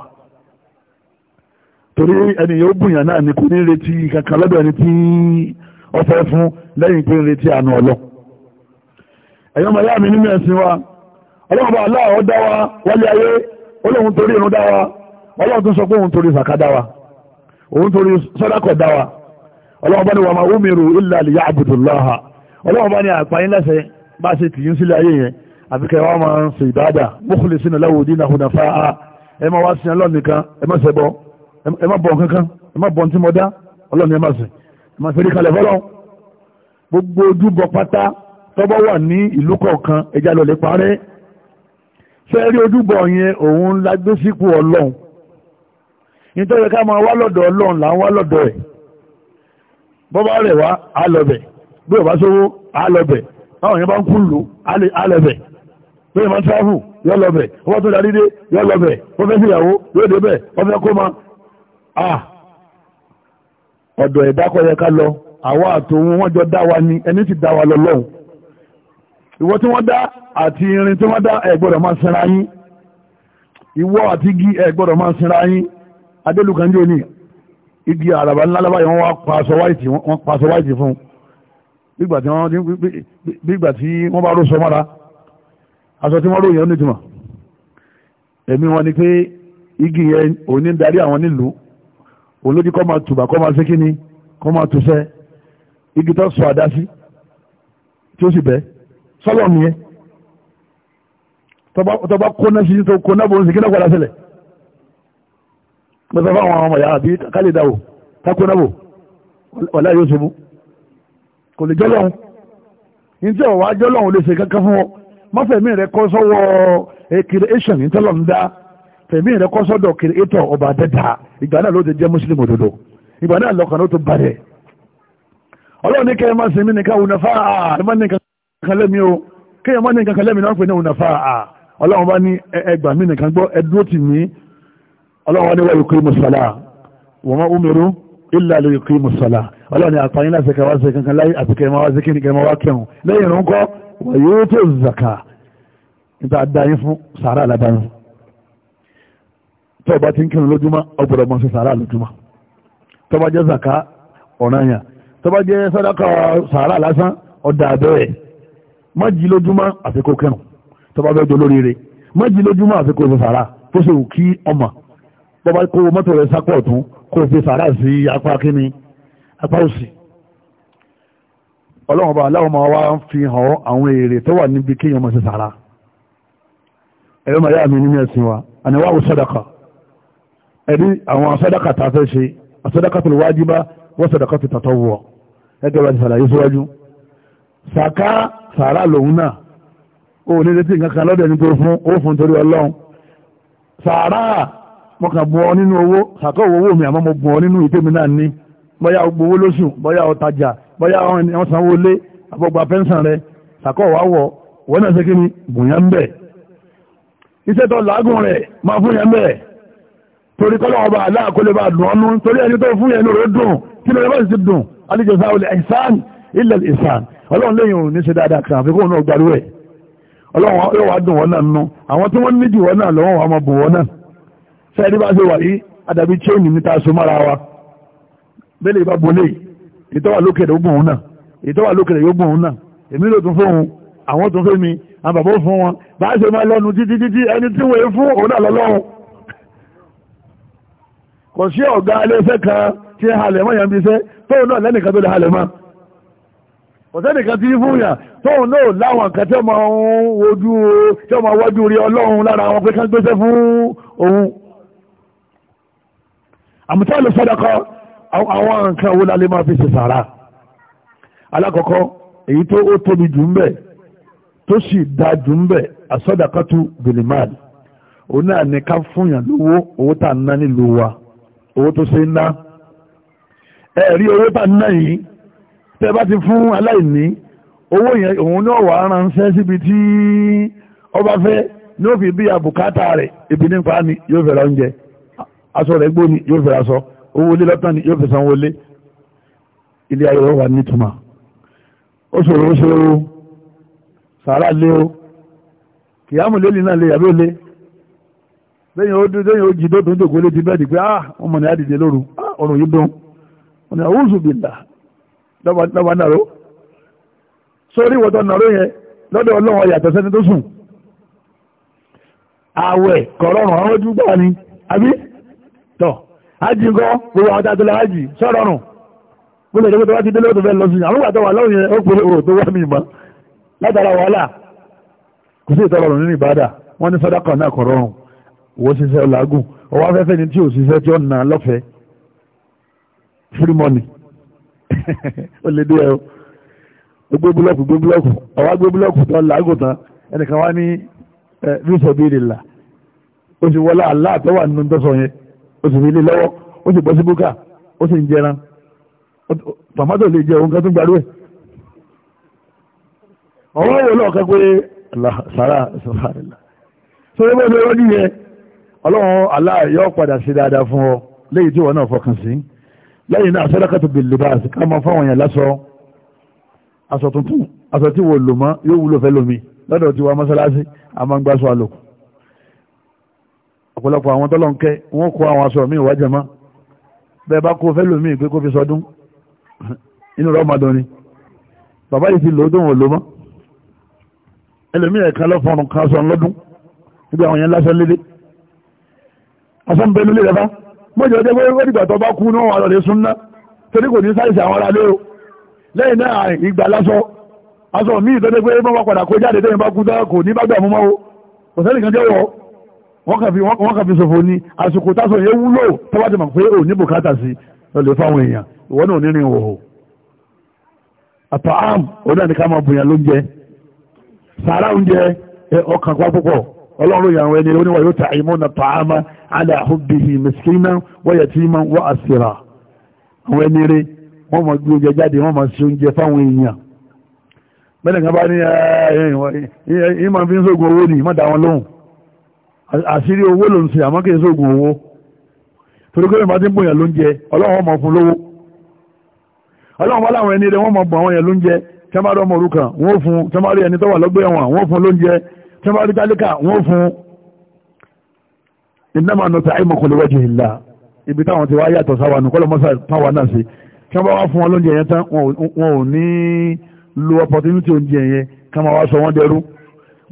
torí ẹni yóò bùyàn náà ni kò ní retí kankan lọ́dọ̀ ẹni tí ó fẹ́ fún lẹ́yìn pé ń retí àánú ọlọ́ ẹ̀yọ́ mọ̀ yá mi nínú ẹ̀sìn wa ọlọ́run bá aláwọ̀ dá wa wálé ayé ọlọ́run torí irun dá wa ọlọ́run tó sọ pé òun torí sàká dá wa òun torí sàdákà dá wa ọlọ́run bá ní wa ma umiru illa liya'budullaha ọlọ́run bá ní àpáyín lẹ́sẹ̀ bá ṣe tìyín sílẹ̀ ayé yẹn àfi kẹ́ wọ́n máa ń ṣe ìbáàdà mukhlisina lahu dinahu hunafa'a ẹ máa wá sí ọlọ́run nìkan ẹ má ṣẹbọ ẹ má bọ̀ kankan ẹ má bọ̀ ní tí mo dá ọlọ́ni ẹ má sìn ẹ má fẹ́rí kalẹ̀ fọlọ́ gbogbo ojúbọ pátá tọ́bọ̀ wà ní ìlú kọ̀ọ̀kan ẹja lọ parẹ́ fẹ́rí ojúbọ yẹn òun la gbé sípò ọlọ́run nítorí ká máa wá lọ́dọ̀ ọlọ́run là ń wá lọ́dọ̀ ẹ̀ bọ́bá rẹ̀ wá á lọ bẹ̀ bí ò bá sówó á lọ bẹ̀ báwọn yẹn bá ń kú lò á lọ bẹ̀ bí ò bá yọ lọ bẹ̀ ọba tó darí dé yọ lọ bẹ̀ ó fẹ́ yóò dé bẹ̀ ó kó máa Ah. ọ̀dọ̀ ẹ̀dá kọ́ yẹ ká lọ àwa àtòun wọ́n jọ dá wa ni ẹni tí dá wa lọ lọ́hùn ìwọ tí wọ́n dá àti irin tí wọ́n dá ẹ gbọ́dọ̀ máa sinra yín ìwọ àti igi ẹ gbọ́dọ̀ máa sinra yín adélùkànjọ́ ni igi àràbà ńlá lábáyé wọ́n wá paṣọ wáìtì wọ́n paṣọ fún bígbà tí tí wọ́n bá rọ́ṣọ mọ́ra aṣọ tí wọ́n ròyìn ó nítumọ̀ ẹ̀mí wọn ni pé igi yẹn òní darí àwọn nílùú olódì kọ́ máa tùbà kọ́ máa ṣe kíni kọ́ máa tùṣẹ́ igi tó sọ àdá sí tí ó sì bẹ́ sọ́lọ̀ nìyẹn tọba kóná sí tó kóná bó ń sì kíná padà sílẹ̀ pẹ̀sẹ̀ fáwọn ọmọ ìyá àbí kálí ìdáwò takóná bò wàlá yóò ṣe mú kò lè jọ́lọ́hun ní tí ọ̀wá jọ́lọ́hun lè ṣe kankan fún ọ mọ́fẹ̀mí rẹ kọ́ sọ́wọ́ creation ní tọ́lọ́ ń dá fẹ̀mí rẹ kọ́ sọ́dọ̀ kiri ètò ọba dẹ́ta ìgbà náà ló ti jẹ́ mùsùlùmí òdodo ìgbà náà lọ́kàn ló ti balẹ̀ ọlọ́run ní kẹ́yìn máa sinmi nìkan ònàfà à ẹ má ní kankan lẹ́mi o kẹ́yìn má ní kankan lẹ́mi náà pè ní ònàfà à ọlọ́run bá ní ẹgbà mí nìkan gbọ́ ẹ dúró mí ọlọ́run ní wáyé kiri mùsàlá wọ́n tó o bá ti ń kírun lójúmọ́ ọgbọ̀dọ̀ mọ́ sí sàárà lójúmọ́ tó bá jẹ́ zaka ọ̀ranyàn tó bá jẹ́ sàdákà sàárà lásán ọ̀dà abẹ́rẹ́ má jí lójúmọ́ àfikún kírun tó bá fẹ́ jọ lórí rẹ̀ má jí lójúmọ́ àfikún sí sàárà tó ṣe wù kí ọmọ tó bá kó mọ́tò rẹ̀ sápọ̀ tún kó fi sàárà sí apá kíní apá òsì ọlọ́run ọba aláwọ̀ máa wá fi hàn àwọn èrè tó wà níbi kéèyàn mọ̀ sí sàárà ẹ̀rọ màá yára mi nínú ẹ̀sìn wa àníwáwò sàdákà ẹ̀rí àwọn asọ́dáka tá a fẹ́ ṣe asọ́dáka tó wájibá wọ́n sọ̀dáka tó tàtọ́ wọ̀ ẹgbẹ́ wa ti sàlàyé síwájú sàká sàrà lòun náà ó ní létí nǹkan kan lọ́dẹ̀ nítorí fún ó fún torí ọlọ́run sàrà mo kàn bọ́ nínú owó sàká owó owó mi àmọ́ mo bọ́ nínú ìtẹ́mi náà ní bóyá o gbowó lóṣù bóyá o tajà bóyá o sanwó lé àbọ̀gbà pẹ́ńsàn rẹ sàká wà wọ̀ wọ́n náà ṣe kí ni bùnyàn bẹ́ẹ̀ iṣẹ́ tó làágùn rẹ̀ máa fún yàn bẹ́ẹ̀ torí kọ́lọ́ ọba aláàkólé bá dùn ọ́nú torí ẹni tó fún ẹnu rẹ̀ dùn kí ló bá sì dùn alìjẹsà olè ẹ̀sán ilẹ̀ ẹ̀sán ọlọ́run lẹ́yìn òní ṣe dáadáa kan àfikún náà gbarú ẹ̀ ọlọ́run yóò wá dùn wọn náà nù àwọn tí wọ́n ní jù wọn náà lọ́wọ́ wọn máa bù wọn náà sẹ́ẹ̀dí bá ṣe wà yí adàbí chéènì níta so mára wa bẹ́lẹ̀ bá bolé ìtọ́wà lókè kò sí ọ̀gá aléṣẹ́ kan tí halẹ̀ mọ́ yẹn bí iṣẹ́ tóun náà lẹ́nìkan tó lè halẹ̀ mọ́ kò sẹ́nìkan tí fún yàn tóun náà láwọn nǹkan tí ọmọ ojú tí ọmọ wọ́jú rí ọlọ́run lára àwọn pé kán gbéṣẹ́ fún òun àmútẹ́lù sọ́dọ̀kọ àwọn nǹkan wo la máa fi ṣe sàrà alákọ̀ọ́kọ́ èyí tó ó tóbi jù ń bẹ̀ tó sì dáa jù ń bẹ̀ àsọ́dọ̀kọ́tù bìlìmáàlì òun náà ní ká fún yàn lówó owó tá à ná nílùú wa owó tó ṣe ńlá ẹ̀rí owó bá ńlá yìí tẹ́ bá ti fún aláìní owó yẹn òun náà wà ránṣẹ́ síbi tí ọba fẹ́ ní ó fi bí àbùkátà rẹ̀ ibi nípa ni yóò fẹ́ra oúnjẹ aṣọ rẹ̀ gbó ni yóò fẹ́ra aṣọ owó lé lọ́tàn ni yóò fi sanwó lé ilé ayé wà nítumọ̀ ó ṣòro ó ṣe o lé o kìyàmù lélì náà lè yàgbé lé lẹ́yìn ọdún lẹ́yìn ojì tó tó ń jòkó létí bẹ́ẹ̀ pé ah ọmọ ní àdìdè lóru ah, ọ̀rọ̀ yìí dùn wọn ni àwùjù bìlà lọ́wọ́ nàró sórí nàró yẹn lọ́dọ̀ sẹ́ni tó sùn àwẹ̀ kọ̀rọ̀rùn àwọn ojú gbà ni àbí tọ̀ gbogbo àwọn tàbí sọ̀rọ̀rùn gbogbo ìdókòtò wá ti délé òtò fẹ́ lọ wọ́n ṣiṣẹ́ ọ̀làgùn ọwọ́ afẹ́fẹ́ ni tí ò ṣiṣẹ́ tí ó lọ́fẹ̀ẹ́ free money ó lè dé ẹ o gbé búlọ́ọ̀kù gbé búlọ́ọ̀kù ọwọ́ gbé búlọ́ọ̀kù tó làágùn tán ẹnìkan wá ní rúṣọ béèrè là ó sì wọlé àlá àtọwà nínú tọ́sọ yẹn ó sì fi ilé lọ́wọ́ ó sì bọ́ sí búkà ó sì ń jẹran tòmátò lè jẹ òun kan tó gbàdúrà ọwọ́ wo pé sàrà sàrà rẹ̀ là sọ ọlọ́run aláàyọ́ padà sí dáadáa fún ọ léyìí tí wọ́n náà fọkàn sí lẹ́yìn náà sọ́dọ́kàtò bìlìbà sí ká máa fáwọn èèyàn lásọ aṣọ tuntun aṣọ tí wọ́n lò mọ́ yóò wúlò fẹ́ lómi lọ́dọ̀ tí wọ́n mọ́sálásí a máa ń gbáṣọ àlòkù ọ̀pọ̀lọpọ̀ àwọn tọ́lọ̀ ń kẹ́ wọ́n kó àwọn aṣọ míì wájà mọ́ bẹ́ẹ̀ bá kó fẹ́ lómi pé kó fi sọdún inú rọ́ máa bàbá yìí ti lò ó dóhùn mọ́ ẹlòmíì ẹ̀ka lọ́fọ̀ọ́rùn kan sọ lọ́dún níbi àwọn yẹn lásán lédè ọ̀sán bẹnu lè rẹ̀fá mọ́jọ jẹ́ pé ó dìgbà tó bá kú náà wà lọ́lẹ̀ súnná torí kò ní sáìsì àwọn ará lérò lẹ́yìn náà ìgbà lásọ aṣọ míì tó dé pé bọ́n bá padà kó jáde tẹ́yìn bá kú tán kò ní bá gbà mú mọ́wó kò sẹ́nì kan jẹ́wọ́ wọ́n kàn fi ni àsìkò tásọ yẹn wúlò tó bá ti mọ̀ pé ò ní bùkátà sí lọ́lẹ̀ fáwọn èèyàn ìwọ náà ní rìn wò àtọ̀ àm ó náà ní ká máa bùyàn lóúnjẹ sàárà oúnjẹ ọkàn pápúpọ̀ ọlọ́run yà àwọn ẹni oníwà yóò ta ìmúna tààmà aláhùbìhì mẹ́sìkínà wọ́yẹ̀tìmọ̀ wọ́n àṣírà àwọn ẹni rẹ̀ wọ́n mọ̀ gbé oúnjẹ jáde wọ́n mọ̀ sí oúnjẹ fáwọn èèyàn bẹ́ẹ̀ kan bá ní ìmọ̀ fi ń sógun owó ní mọ́dà wọn lóhùn àṣírí owó ló ń ṣe àmọ́ kí n sógun owó torí pé màá ti ń bòyàn lóúnjẹ ọlọ́run mọ̀ fún lówó ọlọ́run bá láwọn ẹni rẹ̀ wọ́n mọ̀ bọ̀ àwọn yẹn lóúnjẹ tẹ́mọ́rọ́ tí wọ́n rí tálíkà wọ́n fún ìnáma nọta àìmọ̀kọ̀lẹ́wọ́jì ìlà ibi táwọn ti wá yàtọ̀ sáwà nù kọ́lọ́mọ́sà táwà náà sí tí wọ́n bá wá fún wọn lóúnjẹ yẹn tán wọn ò ní lo opportunity oúnjẹ yẹn ká wá sọ wọ́n dẹrú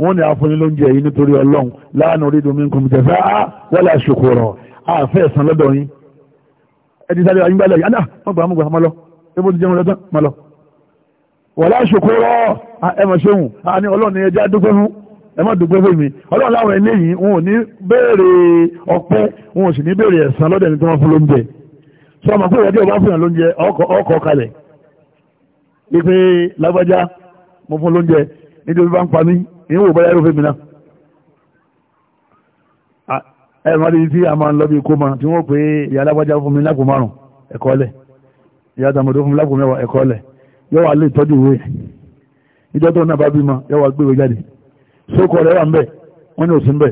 wọ́n ní àfọyín lóúnjẹ yìí nítorí ọlọ́run la nuridu minkum jazaa wala shukura àfẹ́ ẹ̀sán lọ́dọ̀ yín ẹ̀dí sáré ayé gbálẹ̀ yìí aná wọ́n gbà mú gbà má lọ wala shukura ẹ̀mọ̀ ṣeun àní ọlọ́run ẹja dúpẹ́ fún ẹ má dùgbẹ́ fún mi ọlọ́run láwọn eléyìí wọn ò ní béèrè ọpẹ́ wọn ò sì ní béèrè ẹ̀san lọ́dẹ̀ ní tí wọ́n fún lóúnjẹ sọ ma pé ìrẹ́dí ọba fún yàn lóúnjẹ ọkọ̀ kalẹ̀ wípé lágbájá mo fún lóúnjẹ nítorí bá ń pa mí ìyẹn wò báyà irúfẹ́ mi náà ẹ má rí tí a máa ń lọ bí kóma tí wọ́n pé ìyá lágbájá fún mi lápò márùn ẹ̀kọ́ lẹ̀ ìyá tàmọ̀dọ́ fún mi lápò mẹ́wàá ẹ̀kọ́ lẹ̀ yọ sókò rẹ̀ wà ń bẹ̀ wọ́n ní òsì ń bẹ̀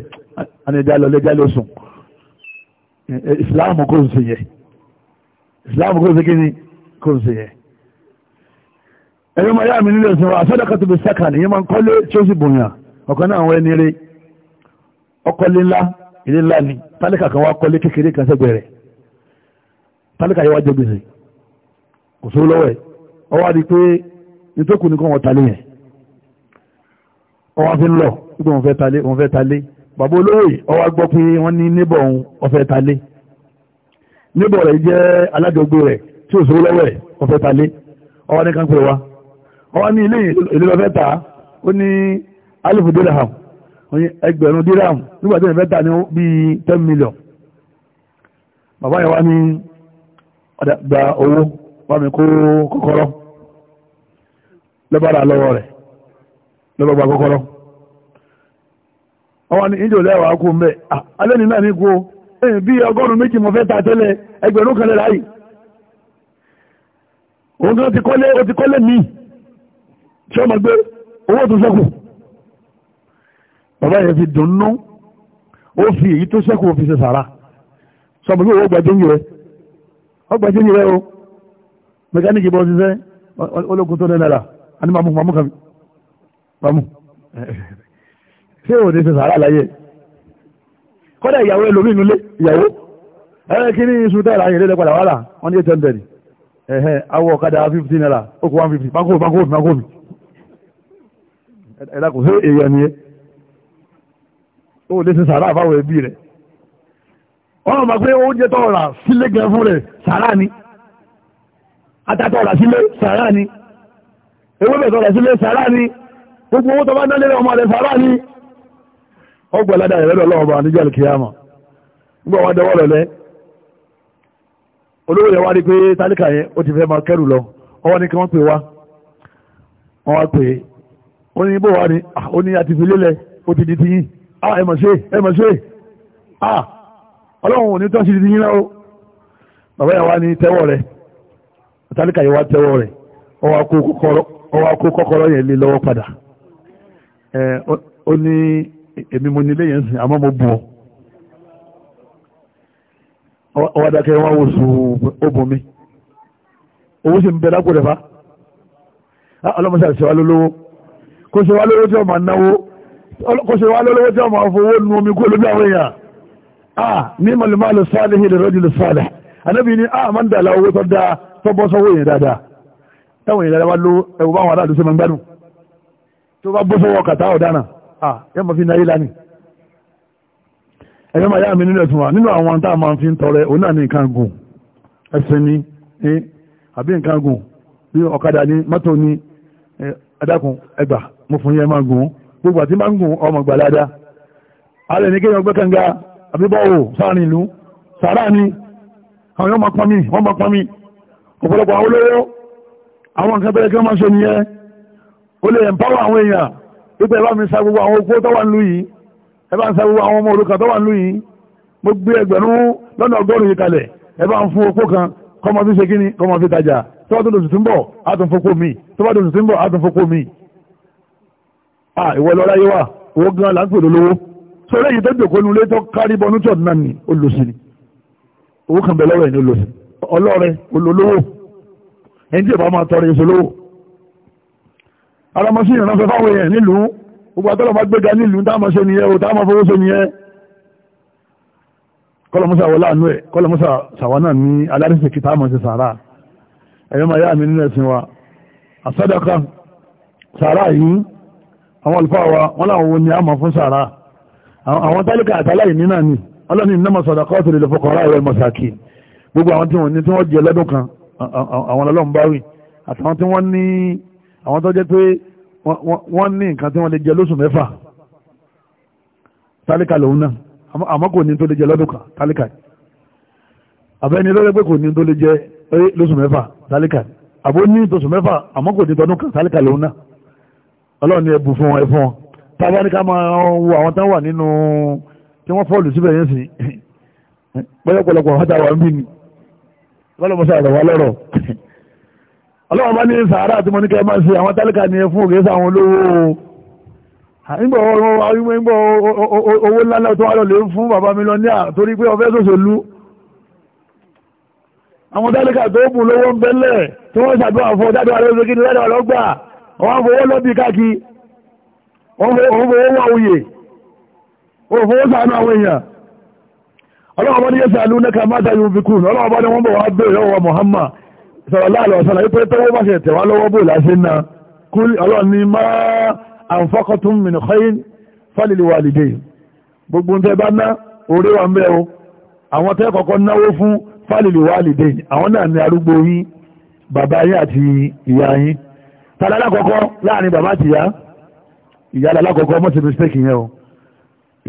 anìjà lọ lẹ́jà ló sùn ìsìláàmù kò sì yẹ ìsìláàmù kò sì kí ni kò sì yẹ. ẹ̀yọ́ máa yá mi nílé ìsìn wa àsọdọ̀kọ̀ tó fi sákà nìyẹn máa ń kọ́lé tí ó sì bòyàn ọ̀kan náà àwọn ẹni rẹ̀ ńlá ilé ńlá ni tálíkà kan wá kọ́lé kékeré kan sẹ́gbẹ̀ẹ́ rẹ̀ tálíkà yẹn wá jẹ gbèsè kò sówó lọ́wọ́ ẹ̀ ọwọ́ adi pé nítòkù nìkan wọ́n talé yẹn ọwọ́ fi lọ nígbà wọn fẹ́ talé wọn fẹ́ talé bàbá olóyè ọwọ́ gbọ́ pé wọ́n ní níbọ̀ òun ọfẹ́ talé níbọ̀ rẹ̀ jẹ́ aládùúgbò rẹ̀ tí ò sówó lọ́wọ́ rẹ̀ ọfẹ́ talé ọwọ́ ní kan pè wá ọwọ́ ní ilé ìlú lọ́fẹ́ ta ó ní alifu dirham ẹgbẹ̀rún dirham nígbà tí wọ́n fẹ́ ta ní bíi ten million bàbá yẹn wá ní ọ̀dà gba owó wá mi kó kọ́kọ́rọ́ lọ́bàrà lọ́wọ́ rẹ̀ lọ́lọ́ gba kọ́kọ́rọ́ ọwọ́ ni ìjọ lẹ́wàá kú mbẹ́ alẹ́ ní náà ní kú ẹ̀yìn bí ọgọ́rùn-ún méjì mo fẹ́ ta tẹ́lẹ̀ ẹgbẹ̀rún kan lẹ́ra yìí òun kan ti kọ́lé ó ti kọ́lé míì tí ó máa gbé owó tó sẹ́kù bàbá yẹn fi dùnnú ó fi èyí tó sẹ́kù fi ṣe sàrà sọmọ bí owó gbàjẹ́ rẹ ó gbàjẹ́ rẹ o mẹkáníkì bọ́ ṣiṣẹ́ ológun tó dẹ́ náírà àní màmú kan mi pamọ́ ṣé òde ṣe sàárà láyé kọ́dà ìyàwó ẹlòmíì nulẹ̀ ìyàwó ẹ kí ní iṣu tẹ́lá yẹn lẹ́lẹ́ padà wàhálà wọ́n ní eight hundred ẹ̀hẹ́ awọ ọ̀kadà fifty naira ó kó one fifty mákòó mákòó mákòó mi ẹ̀dá kò sí èèyàn nìyẹn ó lè ṣe sàárà àbáwọ̀ ẹbí rẹ̀ wọ́n mọ̀ pé oúnjẹ tó rà sílé gan fún rẹ̀ sàárà ni ata tó rà sílé sàárà ni ewébẹ̀ tó rà sílé sàárà ni gbogbo owó tó bá dá lélẹ̀ ọmọ rẹ̀ sàrá ní ọgbà ìrẹ́lẹ̀ ọlọ́wọ́ bá níjà nígbà wọn dẹwọ́ rẹ̀ lẹ́ wá pé tálíkà yẹn ó ti fẹ́ máa lọ ọwọ́ ní kí wọ́n pè wá wọ́n wá pè ó ní bó wá ní ó ní àti fi lélẹ̀ ó ti di ti yín ẹ ya ó ní èmi mo nílé yẹn sìn àmọ́ mo bù ọ́ ọwọ́ adákẹ́ wọn wò sùn ó bù mí owó sì ń bẹ lápò rẹ̀ fa ọlọ́mọṣẹ́ àti ṣèwá lólówó kó ṣèwá lólówó tí wọ́n máa náwó kó ṣèwá lólówó tí wọ́n máa fowó nu omi kó lójú àwọn èèyàn ah ní mọ̀lẹ́mọ́ lọ sálẹ̀ hìlẹ̀ rọ́jù lọ sálẹ̀ anábì ní ah máa ń dà láwọ́ owó tó dáa tó bọ́ sọ́wọ́ yẹn dáadáa táwọn èèyàn dáadáa wá ló ẹ̀wọ̀ báwọn aráàlú sí máa ń gbádùn tó bá bó sọ́wọ́ kàtà ah fi náyé lánìí ẹ̀yọ́ yá mi nínú ẹ̀sùn nínú àwọn tá a máa fi ń tọrẹ òun náà ní nǹkan gùn ẹsẹ̀ ni àbí nǹkan gùn bí ọ̀kadà ni mọ́tò ni adákun ẹgbà mo fún yẹn máa gùn gbogbo àti máa ń gùn ọmọ gbà dáadáa alẹ́ ní kéèyàn àbí bọ́ọ̀wò ìlú sàárà ni àwọn yóò máa wọ́n máa ọ̀pọ̀lọpọ̀ ó lè empower àwọn èèyàn wípé ẹ bá mi sa gbogbo àwọn opó tó wà ń lú yìí ẹ bá ń sa gbogbo àwọn ọmọ òrukàn tó wà ń lú yìí mo gbé ẹgbẹ̀rún lọ́nà ọgọ́rùn-ún yìí kalẹ̀ ẹ bá ń fún opó kan kọ́mọ fi ṣe kíni kọ́mọ fi tajà tó bá tó dòtù tí ń bọ̀ á tún fokó mi tó bá dòtù tí ń bọ̀ á tún fokó mi. à ìwọ lọ́ra yé wa owó gan la ń pè lólówó sọ̀rọ̀ èyí tó dòkó nu lé tó kárí bọ́nú tó náà ni olùsìn owó kan bẹ̀ lọ́rọ̀ ẹ̀ ní olùsìn ọlọ́rẹ̀ olólówó ẹni tí ìbá máa tọrọ èso alamọ́sí ìrànṣẹ́ fáwọn èèyàn nílùú gbogbo àtọ́lọ́mọ gbéga nílùú táwọn ṣe nìyẹn o táwọn fowó ṣe nìyẹn kọlọmọsà wọlé àánú ẹ kọlọmọsà sàwọn náà ní alárísè kìtà àmọ́ ṣe sàárà ẹ̀yọ́ máa yá mi nínú wa àsádàkà sàárà yìí àwọn àlùfáà wa wọn làwọn ni a mọ̀ ni ọlọ́ni iná masọ̀dàkọ́ tó lè fọkàn ráyọ̀ mọ̀sàkì gbogbo àwọn tí wọ́n ní tí wọ́n jẹ lọ́dún kan àwọn ọlọ́run àtàwọn tí wọ́n ní àwọn tó jẹ́ pé wọ́n ní nǹkan tí wọ́n lè jẹ lóṣù mẹ́fà tálíkà lòun náà àmọ́ kò ní tó lè jẹ lọ́dún kan tálíkà àbẹ́ni lọ́rẹ́ pé kò ní tó lè jẹ lóṣù mẹ́fà tálíkà àbó ní tóṣù mẹ́fà àmọ́ kò ní tọdún kan tálíkà lòun náà ọlọ́run ni ẹ̀bù fún wọn ẹ̀fún wọn tábà ní ká máa wo àwọn tán wà nínú tí wọ́n fọ́ọ̀lù síbẹ̀ yẹn sí pẹ́lẹ́pọ̀lọpọ̀ àwọn táwa ń bí ni ọlọ́wọ́n bá ní sàárà tí mo ní kẹ́ máa ṣe àwọn tálíkà ní fún òkè sáwọn olówó nígbà owó ńláńlá tó wà lọ́lẹ̀ fún bàbá mi lọ ní àtorí pé ọfẹ́ sòṣèlú àwọn tálíkà tó bùn lówó ń bẹ́lẹ̀ tí wọ́n ṣàdúrà fún ọjọ́ àdúrà lóṣù kí ni lẹ́dọ̀ ọlọ́gbà wọ́n fowó lọ́bì káàkiri wọ́n fowó wà òye wọ́n fowó sàánú àwọn èèyàn ọlọ́wọ́n bá ní yẹ́sẹ̀ alúnẹ́ka mátà yóò fi kùn ọlọ́wọ́n bá ní wọ́n bọ̀ wá bẹ̀rẹ̀ ọwọ́ Muhammad sọ̀rọ̀ láàlọ́ ọ̀sán náà wípé tọ́wọ́ bá ṣe tẹ̀wá lọ́wọ́ bò láṣẹ náà kúl ọlọ́run ní má àǹfọ́kọ́tún min khayrin fálìlì wàlìdè gbogbo tẹ bá ná orí wa ń bẹ o àwọn tẹ́ kọ́kọ́ náwó fún fálìlì wàlìdè àwọn náà ní arúgbó yín bàbá yín àti ìyá yín tàdá lákọ̀ọ́kọ́ láàrin bàbá àti ìyá ìyá lálákọ̀ọ́kọ́ mọ́sí mistake yẹn o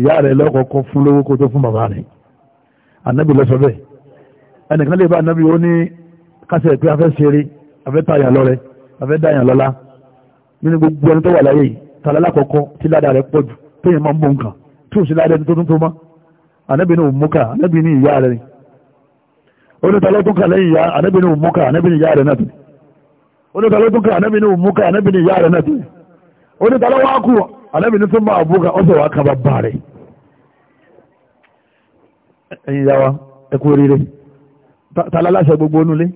ìyá rẹ̀ lọ́kọ̀ọ́kọ́ fún lówó kó tó fún bàbá rẹ̀ ànábì lọ́sọ bẹ́ẹ̀ ẹnìkan lè bá ànábì ó ní kásẹ̀ pé afẹ́ ṣeré afẹ́ tààyàn lọ́rẹ́ afẹ́ dáyàn lọ́lá nínú gbogbo ẹni tó wà láyé yìí tààlà lákọ̀ọ́kọ́ tí ládàá rẹ̀ pọ̀ jù téèyàn máa ń bọ̀ nǹkan tí ò sí ládàá ẹni tó tún tó mọ́ ànábì ní òmùkà ànábì ní ìyá ni onítàlọ́ tún kà lẹ́yìn ìyá ànábì ní òmùkà ànábì ní ìyá rẹ̀ náà tó onítàlọ́ tún kà ànábì ní òmùkà ànábì ní ìyá rẹ̀ náà tó onítàlọ́ wá kú ànábì ní tó máa bùkà ọ̀sẹ̀ wá kaba bá rẹ̀ ẹ̀yin ìyá wa ẹ̀kú oríire tààlà láṣẹ gbogbo onúlé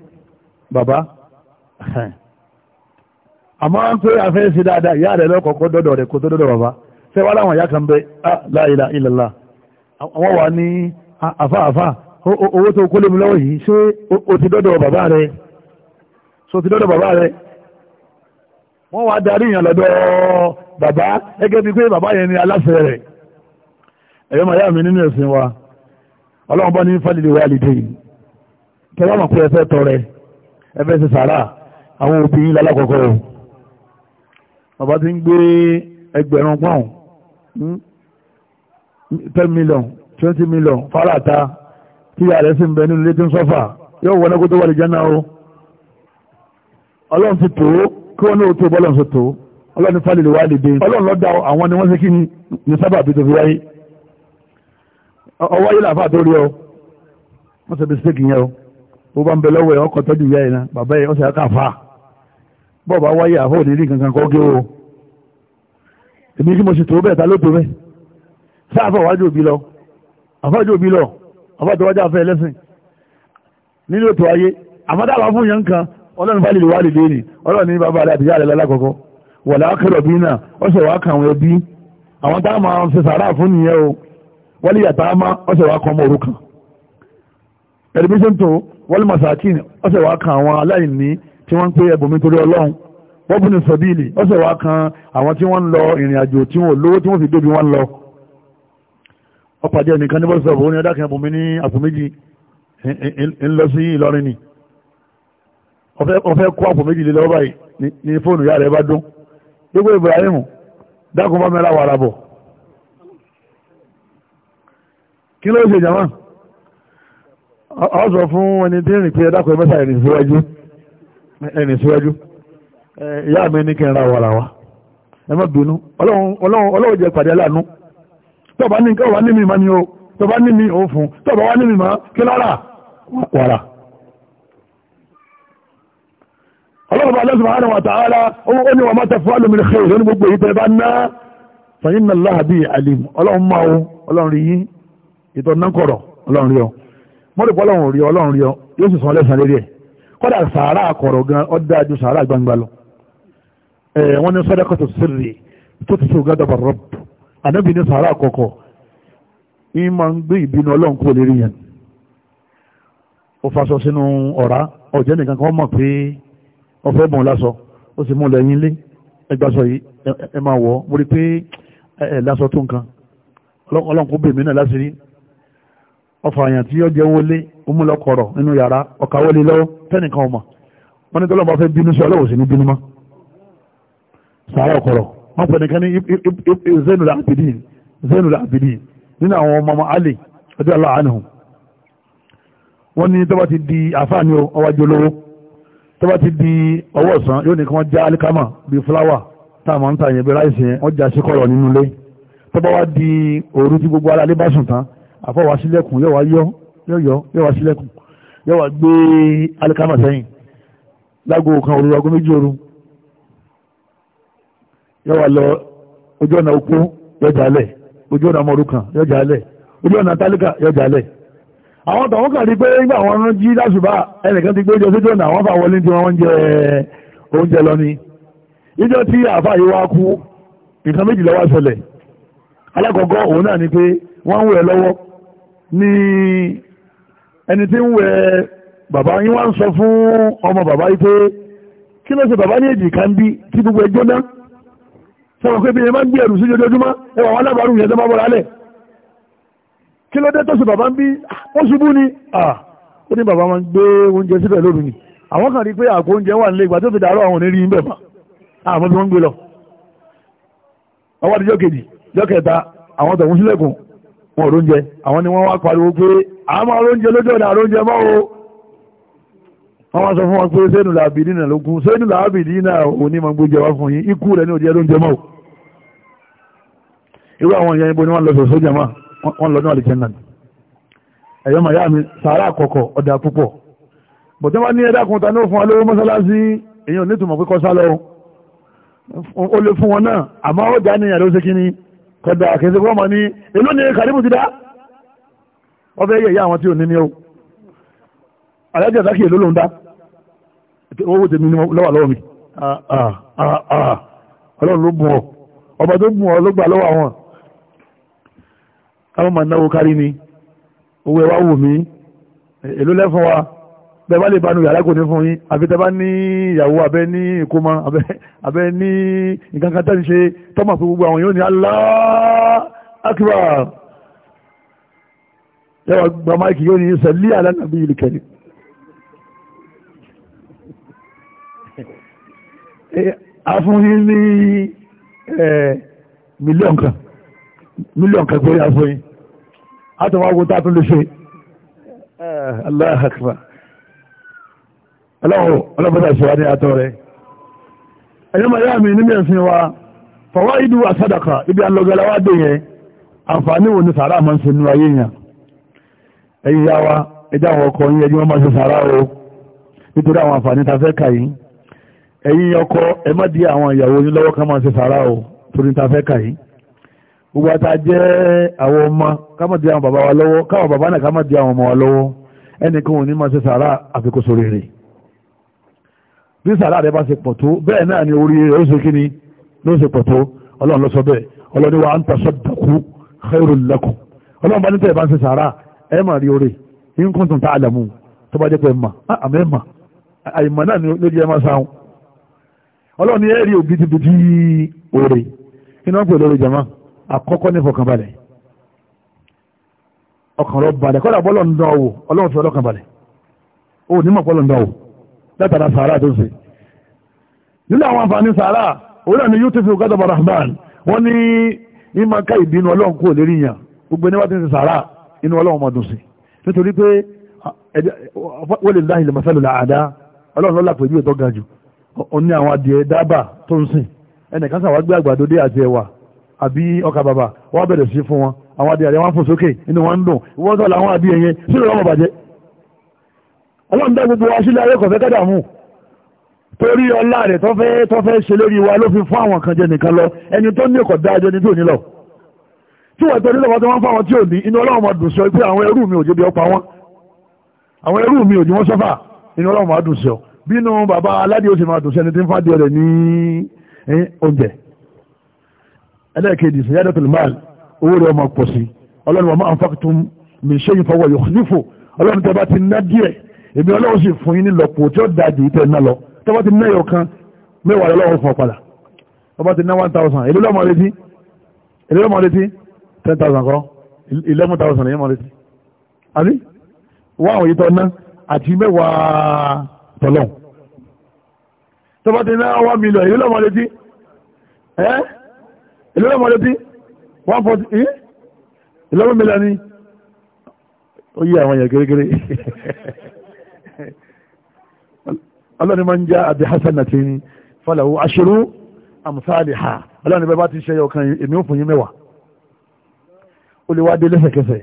bàbá àmọ́ ń pé afẹ́ sí dáadáa ìyá rẹ̀ lọ́kọ̀ọ́kọ́ dọ́dọ̀ rẹ̀ kò tó dọ́dọ̀ bàbá ṣe wá láwọn ìyá kan bẹ ah, la ilaha illallah àwọn wà ní àfáàfá ah, owó tó kólé mi lọ́wọ́ yìí ṣé o ti dọ́dọ̀ bàbá rẹ̀ so ti dọ́dọ̀ bàbá rẹ̀ wọ́n wá darí yàn lọ́dọ̀ bàbá gẹ́gẹ́ bí pé bàbá yẹn ni aláṣẹ rẹ̀ ẹ̀yọ́ màá mi nínú ẹ̀sìn wa ọlọ́run bá ní fálilẹ̀ wà lìdè yìí kẹ́ ẹfẹ́ ṣe sàárà àwọn òbí yín lálákọ̀ọ́kọ́ o bàbá ti ń gbé ẹgbẹ̀rún pọ́ùn hmm? ten million twenty million fárata tí ààrẹ sì ń bẹ nínú ilé tí ń sọ́fà yóò wọ́n ẹgbẹ́ tó wà lè jẹ́nà o ọlọ́run ti tó kí wọ́n ní o tó bọ́lọ̀ ṣe tó ọlọ́run ní fálẹ̀ lè wá lè dé ọlọ́run lọ́dà àwọn ni wọ́n ṣe kí ni sábàbí tó fi wáyé ọwọ́ yìí làfà tó rí ọ wọ́n ṣe bí sẹ́kì yẹn o bó bá ń bẹ lọ́wọ́ ẹ̀ ọkọ̀ tọ́jú ìyá ẹ̀ náà bàbá ẹ̀ ọ̀sẹ̀ àkàfà bọ́ọ̀ bá wáyé àhó nílí kankan kọ́ gé o èmi kí mo sì tó bẹ́ẹ̀ ta ló tó bẹ́ẹ̀ sáàfà wájú òbí lọ àfájú òbí lọ àfájú wájú afẹ́ ẹlẹ́sìn nínú ètò ayé àfádáwà fún yẹn kan ọlọ́run bá lè wá lè léèrè ọlọ́run ní bàbá rẹ̀ àtìyá rẹ̀ lálákọ̀ọ́kọ́ wà láàkẹ́rọ̀ bí náà ọ̀sẹ̀ wà a máa ṣe sàárà fún o wọ́n lè yàtá a máa ọ̀sẹ̀ wà kọ́ ọmọ òrukàn ẹ̀rí bí ṣe ń tó wọ́n lè masakin ọ̀sẹ̀ wàá kan àwọn aláìní tí wọ́n ń pé ẹbùnmi torí ọlọ́run wọ́n bú ní sọ̀bíìlì ọ̀sẹ̀ wàá kan àwọn tí wọ́n ń lọ ìrìn àjò tí wọ́n lówó tí wọ́n fi débi wọ́n lọ. ọ̀pàdé ẹnìkan ní bọ́sọ̀bù ó ní ọ̀dà kan ní àpò méjì ń lọ sí Ìlọrin ni ọ̀fẹ́ kó àpò méjì lé lọ́wọ́ báyìí ní fóònù yára ẹ bá dún gbogbo Ibrahim dákun bá mẹ́ra wàrà bọ̀ kí ló ṣe jàmáà ọ sọ fún ẹni tí ń rìn pé ẹ dákọ̀ ẹ mẹ́ta ẹ̀rìn síwájú ẹ̀rìn síwájú ìyá mi ní kí n ra wàrà wa ẹ má bínú ọlọ́run jẹ pàdé aláàánú tọ́ba ní nǹkan wà ní mi máa ní o tọ́ba ní mi ò fún tọ́ba wà ní mi máa kí lára wàrà. ọlọ́run bá lọ́sùn máa ń wà tààrà ó ní wà má tẹ̀fọ́ àlùmí xe ìlú ní gbogbo èyí tẹ́ bá ná fàyín náà láàbí àlìm ọlọ́run máa o ọlọ́run rí yín ìtọ́ náà kọ̀rọ̀ ọlọ́run rí ọ mọ́rò pọ́ ọlọ́run rí ọlọ́run rí ọ yóò sì san ọlẹ́sàn lérí ẹ̀ kọ́dà sàárà akọ̀rọ̀ gan ó dáa ju sàárà gbangba lọ wọ́n ní sọ́dọ̀ kọ́tù sírì tó ti sọ gádà bàrọ̀ ànábì ní sàárà àkọ́kọ́ yín máa ń gbé ìbínú ọlọ́run kúrò lérí yẹn ó faṣọ sínú ọ̀rá ọ̀jẹ́ nìkan kan mọ̀ pé ọ̀fẹ́ bùn lásọ ó sì mú lẹ́yìn lé ẹgbàsọ yìí ẹ máa wọ̀ ọ́ mo rí pé ẹ̀ lásọ tó nǹkan ọlọ́run kó bèèmí náà láṣìírí ọfọ àyàn tí yọ jẹ wọlé omúlọkọrọ nínú yàrá ọkà wọlé lọ́wọ́ tẹnìkan ọmọ wọn ni tọ́lọ́ bá fẹ́ bínú sí ọlọ́wọ́ sí ní bínú mọ́ sàárà ọkọrọ wọn pẹ̀lú nìkan ní Zainul Abidin Zainul Abidin nínú àwọn ọmọ ọmọ Ali radiyallahu anhu wọn ní tọ́ba ti di àfáàní ọwájú olówó tọ́ba ti di ọwọ́ ọ̀sán yóò ní kí wọ́n já alikama bíi fúláwà táwọn ń ta yẹn bí ráìsì yẹn wọ́n já síkọ̀rọ̀ nínú ilé tọ́ba wá di òru tí gbogbo alẹ́ bá sùn tán àfọwà sílẹ̀kùn yóò wá yọ yọ yóò wá sílẹ̀kùn yóò wá gbé alikama sẹ́yìn lágbo kan òru ago méjì òru yóò wá lọ ojú ọ̀nà opó yóò jálẹ̀ ojú ọ̀nà ọmọ òrukàn yóò jálẹ̀ ojú ọ̀nà tálíkà yóò jálẹ̀ àwọn tọ̀wọ́n kàn rí pé nígbà wọn rán jí lásùbà ẹnìkan ti gbé oúnjẹ sójú ọ̀nà àwọn fà tí wọ́n jẹ oúnjẹ lọ ni ìjọ tí àfà yìí kú nǹkan méjì ló ṣẹlẹ̀ alákọ̀ọ́kọ́ òun náà ni pé wọ́n ń wẹ̀ lọ́wọ́ ní ẹni tí ń wẹ̀ bàbá yín wá ń sọ fún ọmọ bàbá yìí pé kí ló ṣe bàbá ní èjìká ń bí kí gbogbo ẹjọ́ náà sọ̀rọ̀ pé bí ẹ máa ń gbé ẹ̀rù sí ojoojúmọ́ ẹwà wọn alábàárù yẹn tó máa bọ́ra lẹ̀ kí ló dé tó ṣe bàbá ń bí ó ṣubú ni ó ní bàbá máa ń gbé oúnjẹ síbẹ̀ lóru ni àwọn kan rí pé àpò oúnjẹ wà nílé ìgbà tó fi dàárọ̀ àwọn onírin bẹ̀ mọ́ àwọn bí wọ́n ń gbé lọ ọwọ́ àtijọ́ kejì jọ́kẹta àwọn tọ̀hún sílẹ̀kùn wọn ò róúnjẹ àwọn ni wọ́n wá pariwo pé àmọ́ róúnjẹ lójú ọ̀dà róúnjẹ mọ́ o wọ́n wá sọ fún wọn pé sẹ́nu làbì dínà lókun sẹ́nu làbì dínà òní máa gbójẹ wá fún yín ikú rẹ̀ ní òjẹ́ róúnjẹ mọ́ o irú àwọn ìyẹn ibo ni wọ́n lọ sọ sójà máa wọ́n lọ ní àlìjẹ́ náà ẹ̀yọ́ màyá mi sàárà àkọ́kọ̀ ọ̀dà púpọ̀ bọ̀ tí wọ́n ní ẹ̀dá kan ta ní òfin alówó mọ́sálásí èyàn ò ní ìtumọ̀ pé kọ́ sá lọ ó lè fún wọn náà àmọ́ ó dá níyàn ṣe kí ni kọ̀dà àkẹ́sẹ̀ fọ́ọ̀mà ní èló ni kàrímù ti dá wọ́n fẹ́ yẹ̀ yá àwọn tí ò ní ní o alájà sákì èló ló ń dá owó tèmi ní lọ́wọ́ lọ́wọ́ mi ọlọ́run ló bùn ọ ọba tó bùn ọ ló gbà lọ́wọ́ àwọn káwọn máa náwó kárí ni owó ẹ wá wù mí èló lẹ́fún wa bẹ́ẹ̀ bá lè banu yàrá kò ní fún yín àfi tẹ́ bá ní ìyàwó abẹ́ ní ìkómọ abẹ́ ní nǹkan kan tẹ́lẹ̀ ṣe tọ́mọ̀ fún gbogbo àwọn yóò ní Allah akbar yàrá gba máìkì yóò ní sẹ́lí alánàbí ìlú kẹ́lì. afúnyín ní mílíọ̀n kan mílíọ̀n kan pé afúnyín àtàwọn awo tá a tún lè ṣe Allah akbar ọlọ́run ọlọ́pàá ṣe wá ní àtọ́ rẹ̀ ẹ̀yọ́ màá yá mi nínú ẹ̀sìn wa fọwọ́ ìdú àsádàkà ibi alọ́gọ́lá wá dé yẹn àǹfààní wo ni sàárà máa ń ṣe nínú ayé yẹn ẹ̀yìn yá wa ẹjẹ́ àwọn ọkọ yín ẹjẹ́ wọn máa ṣe sàárà o nítorí àwọn àǹfààní ta fẹ́ kà yín ẹ̀yìn ọkọ ẹ má di àwọn ìyàwó yín lọ́wọ́ ká máa ṣe sàárà o torí ta fẹ́ kà yín gbogbo ata jẹ́ àwọn ọmọ ká má di àwọn bàbá wa lọ́wọ́ ká bí sàrà rẹ bá ṣe pọ̀ tó bẹ́ẹ̀ náà ni orí rẹ̀ ó ṣe kí ni ló ṣe pọ̀ tó ọlọ́run ló sọ bẹ́ẹ̀ ọlọ́run ni wa an tasaddaqu khairul lakum ọlọ́run bá ní tẹ̀ bá ń ṣe sàrà ẹ mà rí orí in kuntum ta'lamun tó bá jẹ́ pé mà àmì mà àyìnbá náà ni ló jẹ́ máa sáwọn ọlọ́run ni ẹ rí òbítíbitì orí iná pè lórí jama àkọ́kọ́ ní fọkànbalẹ̀ ọkàn rọ balẹ̀ kọ́dà látara sàárà tó ṣe nínú àwọn àǹfààní sàárà òun ni yóò tẹ́fẹ́ ògádà barahman wọ́n ní ní máa ká ìbínú ọlọ́run kúrò lérí yàn gbogbo níwájú ti ṣe sàárà inú ọlọ́run máa dùn sí nítorí pé wọ́n lè láhìlẹ̀ masalu làádá ọlọ́run lọ́la pẹ̀lú ètò ga jù ó ní àwọn adìẹ dábà tó ń sìn ẹnìkan sàwọn gbé àgbàdo dé àti ẹ̀wà àbí ọkà bàbà wọ́n bẹ̀rẹ̀ sí fún wọn àwọn adìẹ wọn fò sókè inú wọn ń dùn wọ́n tọ́lá ọlọ́run dá gbogbo wa sílẹ̀ ayé kọ̀fẹ́ kẹ́dàmú torí ọlá rẹ̀ tọ́fẹ́ tọ́fẹ́ ṣe lórí wa ló fi fún àwọn kan jẹ nìkan lọ ẹni tó ní ọkọ̀ dájọ́ ni tó ní lọ tí wọ́n tọ́ nílọ́wọ́ tó wọ́n fáwọn tí ò ní inú ọlọ́run máa dùn sí ọ pé àwọn ẹrú mi ò jẹ́ bí ọpa wọn àwọn ẹrú mi ò ní wọ́n sọ́fà inú ọlọ́run máa dùn sí ọ bínú bàbá aládìí ó sì máa dùn sí ẹni tí ń fàdí rẹ̀ ní oúnjẹ ẹlẹ́ẹ̀kejì ìsìnyá dẹ́tùlù máàlì owó rẹ̀ ọmọ pọ̀ sí ọlọ́run wa ma anfaqtum min shay'in fahuwa yukhlifuh ọlọ́run tẹ́ bá ti ná díẹ̀ èmi ọlọ́run sì fún yín ní lọ́pọ̀ tí ó da jù tẹ̀ ná lọ tó bá ti ná ẹyọ kan mẹ́wàá lọ́wọ́ fún ọ padà tó bá ti ná one thousand èlé lọ́mọ létí èlé lọ́mọ létí ten thousand kọ́ eleven thousand èyí mọ létí àbí wọ́n àwọn yìí tọ́ ná àti mẹ́wàá tọ́lọ̀ tó bá ti ná one million èlé lọ́mọ létí ẹ́ èlé lọ́mọ létí one forty ẹ́ eleven million ni ó yí àwọn yẹn kéré kéré. ọlọ́ni máa ń já àbí hasanatin falahu ashiru amsaliha ọlọ́ni bẹ́ẹ̀ bá ti ṣe ọkàn èmi ò fún yín mẹ́wàá ó lè wá dé lẹ́sẹ̀kẹsẹ̀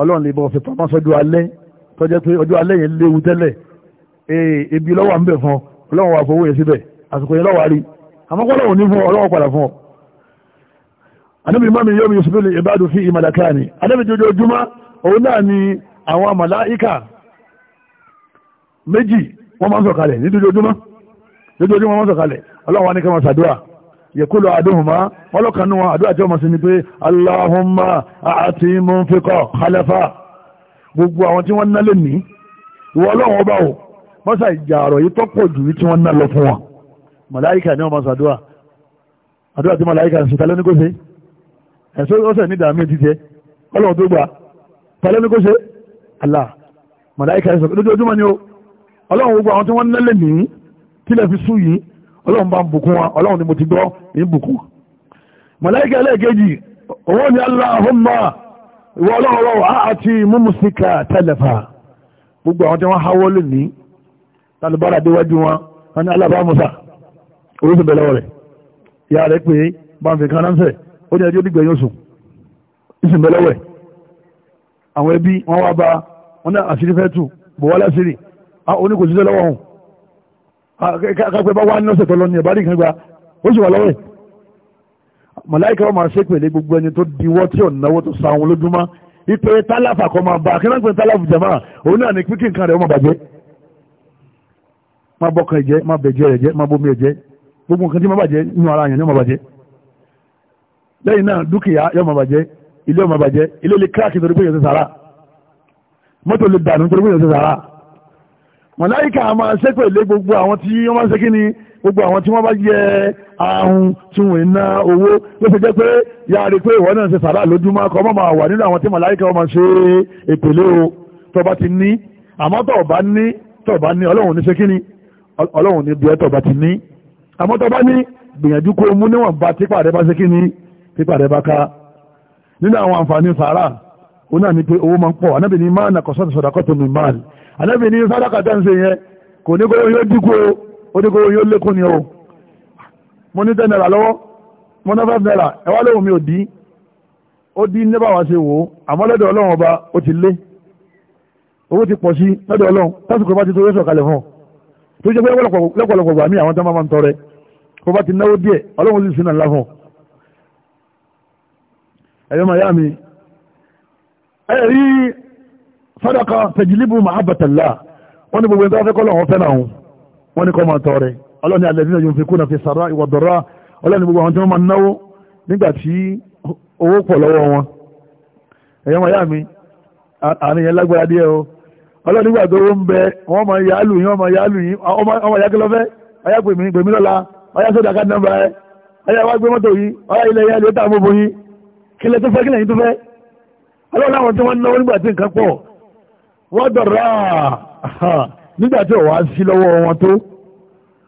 ọlọ́run lè bọ̀ fi pamọ́ sọ́jọ́ alẹ́ tọ́jẹ́ pé ọjọ́ alẹ́ yẹn léwu tẹ́lẹ̀ ebi lọ́wọ́ à ń bẹ̀ fún ọ ọlọ́run wà fowó yẹn síbẹ̀ àsìkò yẹn lọ́wọ́ àrí àmọ́ ní wọ́n máa ń sọ̀kalẹ̀ ní dojoojúmọ́ dojoojúmọ́ wọ́n sọ̀kalẹ̀ ọlọ́wọ́n ní kí wọ́n ṣàdúrà yẹ̀kúlọ àdóhùnmá ọlọ́kanú wọn àdúrà tí wọ́n máa sí ni pé aláhùnmá àti múnfikọ̀ khalafa gbogbo àwọn tí wọ́n ná lè ní ìwọ ọlọ́wọ́n bá wò mọ́sà ìjà ọ̀rọ̀ yìí tọ́pọ̀ jù tí wọ́n ná lọ fún wọn màláìkà ni wọ́n máa ṣàdúrà àdúrà tí màláìkà ń ṣe tálẹ́ ní ẹ̀sọ́ ọ̀sẹ̀ ní dàmí jíjẹ ọlọ́wọ́n tó gbà tálẹ́ ní kò ṣe ń sọ lójoojúmọ́ ni ó ọlọ́run gbogbo àwọn tí wọ́n nẹ́lẹ̀ ní tílẹ̀ fi sú yìí ọlọ́run bá ń bùkún wa ọlọ́run ni mo ti gbọ́ ní bùkún wa màláíkà ẹlẹ́ẹ̀kejì owó ni aláhùnmá ìwọ ọlọ́run lọ́wọ́ àti múmùsíkà tẹlẹfà gbogbo àwọn tí wọ́n háwọ́ lè ní tàlùbára déwájú wọn wọn ni alábá musa orísun bẹ̀rẹ̀ ọ̀rẹ́ ìyá rẹ̀ pé bàǹfì kan ránṣẹ́ ó ní ẹjọ́ dìgbẹ̀yìn oṣù ìsìn bẹ̀rẹ̀ ọ̀rẹ́ àwọn ẹbí wọn wá bá wọn ní àṣírí fẹ́ tù bọ̀wọ́lá sírì òní ah, kò síṣẹ́ lọ́wọ́ òun ah, kápẹ́ bá wá ní ọ̀sẹ̀ tó lọ ní ẹ̀bá rí nǹkan gba ó sì wà lọ́wọ́ ẹ̀ màláìka wọn máa ṣe pèlè gbogbo ẹni tó diwọ́ tí ò náwó tó sa àwọn olójúmọ́ ipe tálàfà kọ́ máa bá akínà pé tálàfù jàmá òun náà ní pínpín nǹkan rẹ̀ ó máa bàjẹ́ máa bọ́kàn ẹ̀jẹ̀ lẹ́yìn náà dúkìá yóò máa ilé ó ilé lè kíláàkì torí pé yẹn mọ́tò lè dànù torí pé yẹn màláìkà a máa ṣépè lé gbogbo àwọn tí wọ́n máa ń ṣe kí ni gbogbo àwọn tí wọ́n bá yẹ ahun tí wọ́n ń ná owó ló fi jẹ́ pé ya rí pé ìwọ náà ṣe sàrà lójúmọ́ kọ́ mọ́ máa wà nínú àwọn tí màláìkà wọ́n máa ṣe èpèlé o tó bá ti ní àmọ́ tó bá ní tó bá ní ọlọ́run ní ṣe kí ni ọlọ́run ní bí ẹ tó bá ti ní àmọ́ tó bá ní gbìyànjú kó mú níwọ̀n bá ànábì ní sàdákà tá ń ṣe yẹn kò ní kówó yóò dínkù o ó ní kówó yóò lékún ni o mo ní ten naira lọ́wọ́ mo ná five naira ẹ wá lóhùn mi ò dín ó dín níbà wá ṣe wò ó àmọ́ lọ́dọ̀ ọlọ́run ọba ó ti lé owó ti pọ̀ sí lọ́dọ̀ ọlọ́run tásìkò bá ti tó yẹ́sọ̀ kalẹ̀ fún ọ tó jẹ́ pé lọ́pọ̀lọpọ̀ gbà mí àwọn tó máa ń tọrẹ kó bá ti náwó díẹ̀ ọlọ́run sì sínú ńlá fún ọ ẹ̀yọ́ màá yá mi ẹ̀rí sàdákà tẹ̀jìlíbù mahabbatala wọ́n ní gbogbo ẹni tó fẹ́ kọ́lọ̀ wọn fẹ́ náà wọ́n ní kọ́ máa tọrẹ ọlọ́ni alẹ́dínà yóò fi kúnà fi sàrà ìwọ̀dọ̀rà ọlọ́ni gbogbo àwọn tí wọ́n máa náwó nígbà tí owó pọ̀ lọ́wọ́ wọn ẹ̀yọ́ màyá mi àárín yẹn lágbára díẹ̀ o ọlọ́ni gbàgbé owó ń bẹ wọ́n máa yá lù yín wọ́n máa yá lù yín ọmọ ìyá kí lọ fẹ́ ọyá pèmí pèmí lọ́la ọyá sódà ká nàmbà ẹ ọyá wá gbé mọ́tò yìí ọyá wọ́n dọ̀rọ̀ nígbà tí òwá sí lọ́wọ́ wọn tó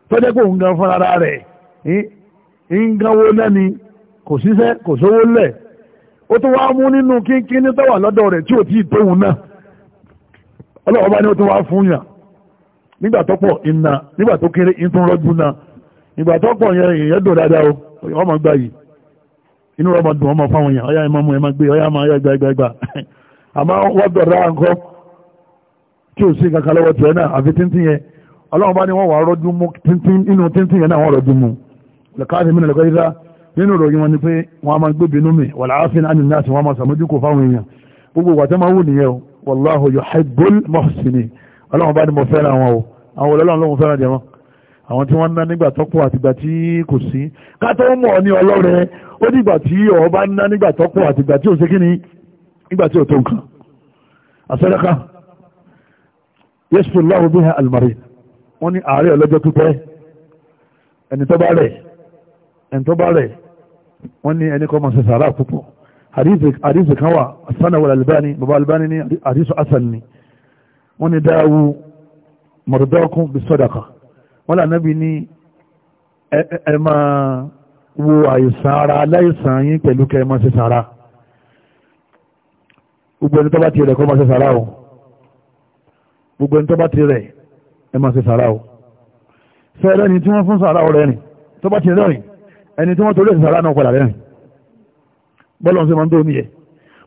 tọ́jẹ́ kó ń gan fúnra rẹ̀ ń gánwó lẹ́ni kò síṣẹ́ kò sówó lẹ̀ ó tó wá mú nínú kínkín ní tọ́wà lọ́dọ̀ rẹ̀ tí ò tí ì tóun náà ọlọ́wọ́ bá ní ó tó wá fún yàn nígbà tó pọ̀ iná nígbà tó kéré ìtún rọ́jú náà ìgbà tó pọ̀ yẹn èèyàn dùn dáadáa o ọmọ gbà yìí inú rọ́mọ ọmọ fáwọn yàn ọyá ẹ máa mú ẹ máa gbé ọyá máa yá gbàgbàgbà àmọ́ wọ́n dọ̀rọ̀ à ń kọ́ tí ò sí kankan lọ́wọ́ tiẹ̀ náà àfi tíntín yẹn ọlọ́run bá ní wọ́n wà rọ́jú mú tíntín inú tíntín yẹn náà wọ́n rọ́jú mú lẹ́kàtí mi lẹ́kọ́ yíká nínú ìròyìn wọn ni pé wọ́n a máa gbé bínú mi wàlá áfin ánì náà tí wọ́n máa sàmójú kò fáwọn èèyàn gbogbo wàtí máa wù nìyẹn o wàláhù yuhibbul muhsinin ọlọ́run bá ní mo fẹ́ràn wọn o àwọn olólùwọ́n lóun fẹ́ràn jẹun àwọn tí wọ́n ná nígbà tọ́pọ̀ àtìgbà tí kò sí kátó mọ̀ ní ọlọ́rẹ̀ ó dìgbà tí ọ̀ bá ná nígbà tọ́pọ̀ àtìgbà tí ò sí kíni nígbà tí ò tó nǹkan àṣẹ́rẹ́ká yẹ́sù lọ́wọ́ bí ha almarin wọ́n ní ààrẹ ọlọ́jọ́ pípẹ́ ẹni tó bá rẹ̀ ẹni tó bá rẹ̀ wọ́n ní ẹni kọ́ máa ṣe sàárà púpọ̀ àdìsí kan wà sanawó albani baba albani ní àdìsí asan ni wọ́n ní dáwù mọ̀rọ̀dọ́kùn bí sọ́dàkà wọ́n là nábì ní ẹ máa wo àìsàn ara aláìsàn yín pẹ̀lú kẹ́ máa ṣe sàárà gbogbo ẹni tó bá ti rẹ̀ kọ́ máa ṣe sàárà ọ̀hún gbogbo ẹni tó bá ti rẹ̀ ẹ máa ṣe sàrà o fẹ́ẹ́rẹ́ ni tí wọ́n fún sàrà ọ̀rẹ́ rìn tó bá ti rẹ́rìn ẹni tí wọ́n torí ẹ̀sìn sàrà náà padà rẹ́rìn bọ́lọ̀ ṣe máa ń tó omi yẹ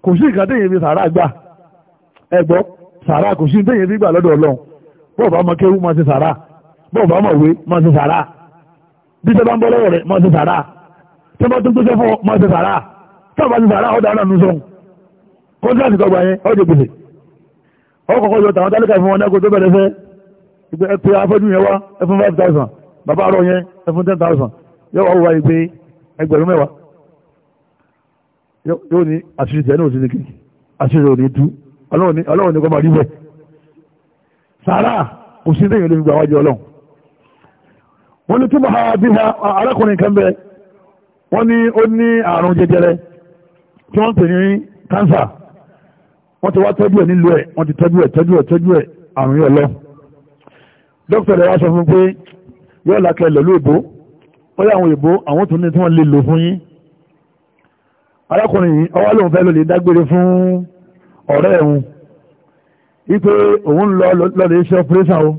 kò sí ìka téèyàn fi sàrà gbà ẹ gbọ́ sàrà kò sí téèyàn fi gbà lọ́dọ̀ ọlọ́run bọ́ọ̀ bá máa kéwú máa ṣe sàrà bọ́ọ̀ bá máa wé máa ṣe sàrà bí tẹ́ bá ń bọ́ lọ́wọ́ rẹ̀ máa ṣe sàrà tẹ́ bá tó tó ṣẹ́fọ́ máa ṣe sàrà tẹ́ bá ṣe sàrà ọ̀dà náà nù sọ́hun kọ́ńtà ọkọ̀kọ́ yọ tàwọn tálíkà fún wọn náà kò tó bẹ̀rẹ̀ fẹ́ ìgbẹ́ ẹ pé afọ́jú yẹn wá ẹ fún five thousand bàbá àrọ̀ yẹn ẹ fún ten thousand yóò wá wá ìgbé ẹgbẹ̀rún mẹ́wàá yóò ní àṣírí tẹ̀ ní òsì nìkì àṣírí òní tú ọlọ́run ní kọ́ máa rí bẹ́ẹ̀ sàrà kò sí lẹ́yìn olómi gbà wájú ọlọ́run wọ́n ní túbọ̀ bí ha arákùnrin kan bẹ́ẹ̀ wọ́n ní ó ní àrùn jẹjẹrẹ tí wọ́n ń pè ní cancer wọ́n ti wá tọ́jú ẹ̀ nílùú ẹ̀ wọ́n ti tọ́jú ẹ̀ tọ́jú ẹ̀ tọ́jú ẹ̀ àrùn yẹn lọ. dókítà rẹ̀ wá sọ fún pé yóò lákẹ́ lọ́lú ìbò wọ́n yà àwọn ìbò àwọn tó ní tí wọ́n lè lò fún yín. arákùnrin yìí ọwọ́ lòun fẹ́ lò lè dágbére fún ọ̀rẹ́ ẹ̀hún wípé òun lọ lọ́lẹ̀ iṣẹ́ ọpẹ́rẹ́sà o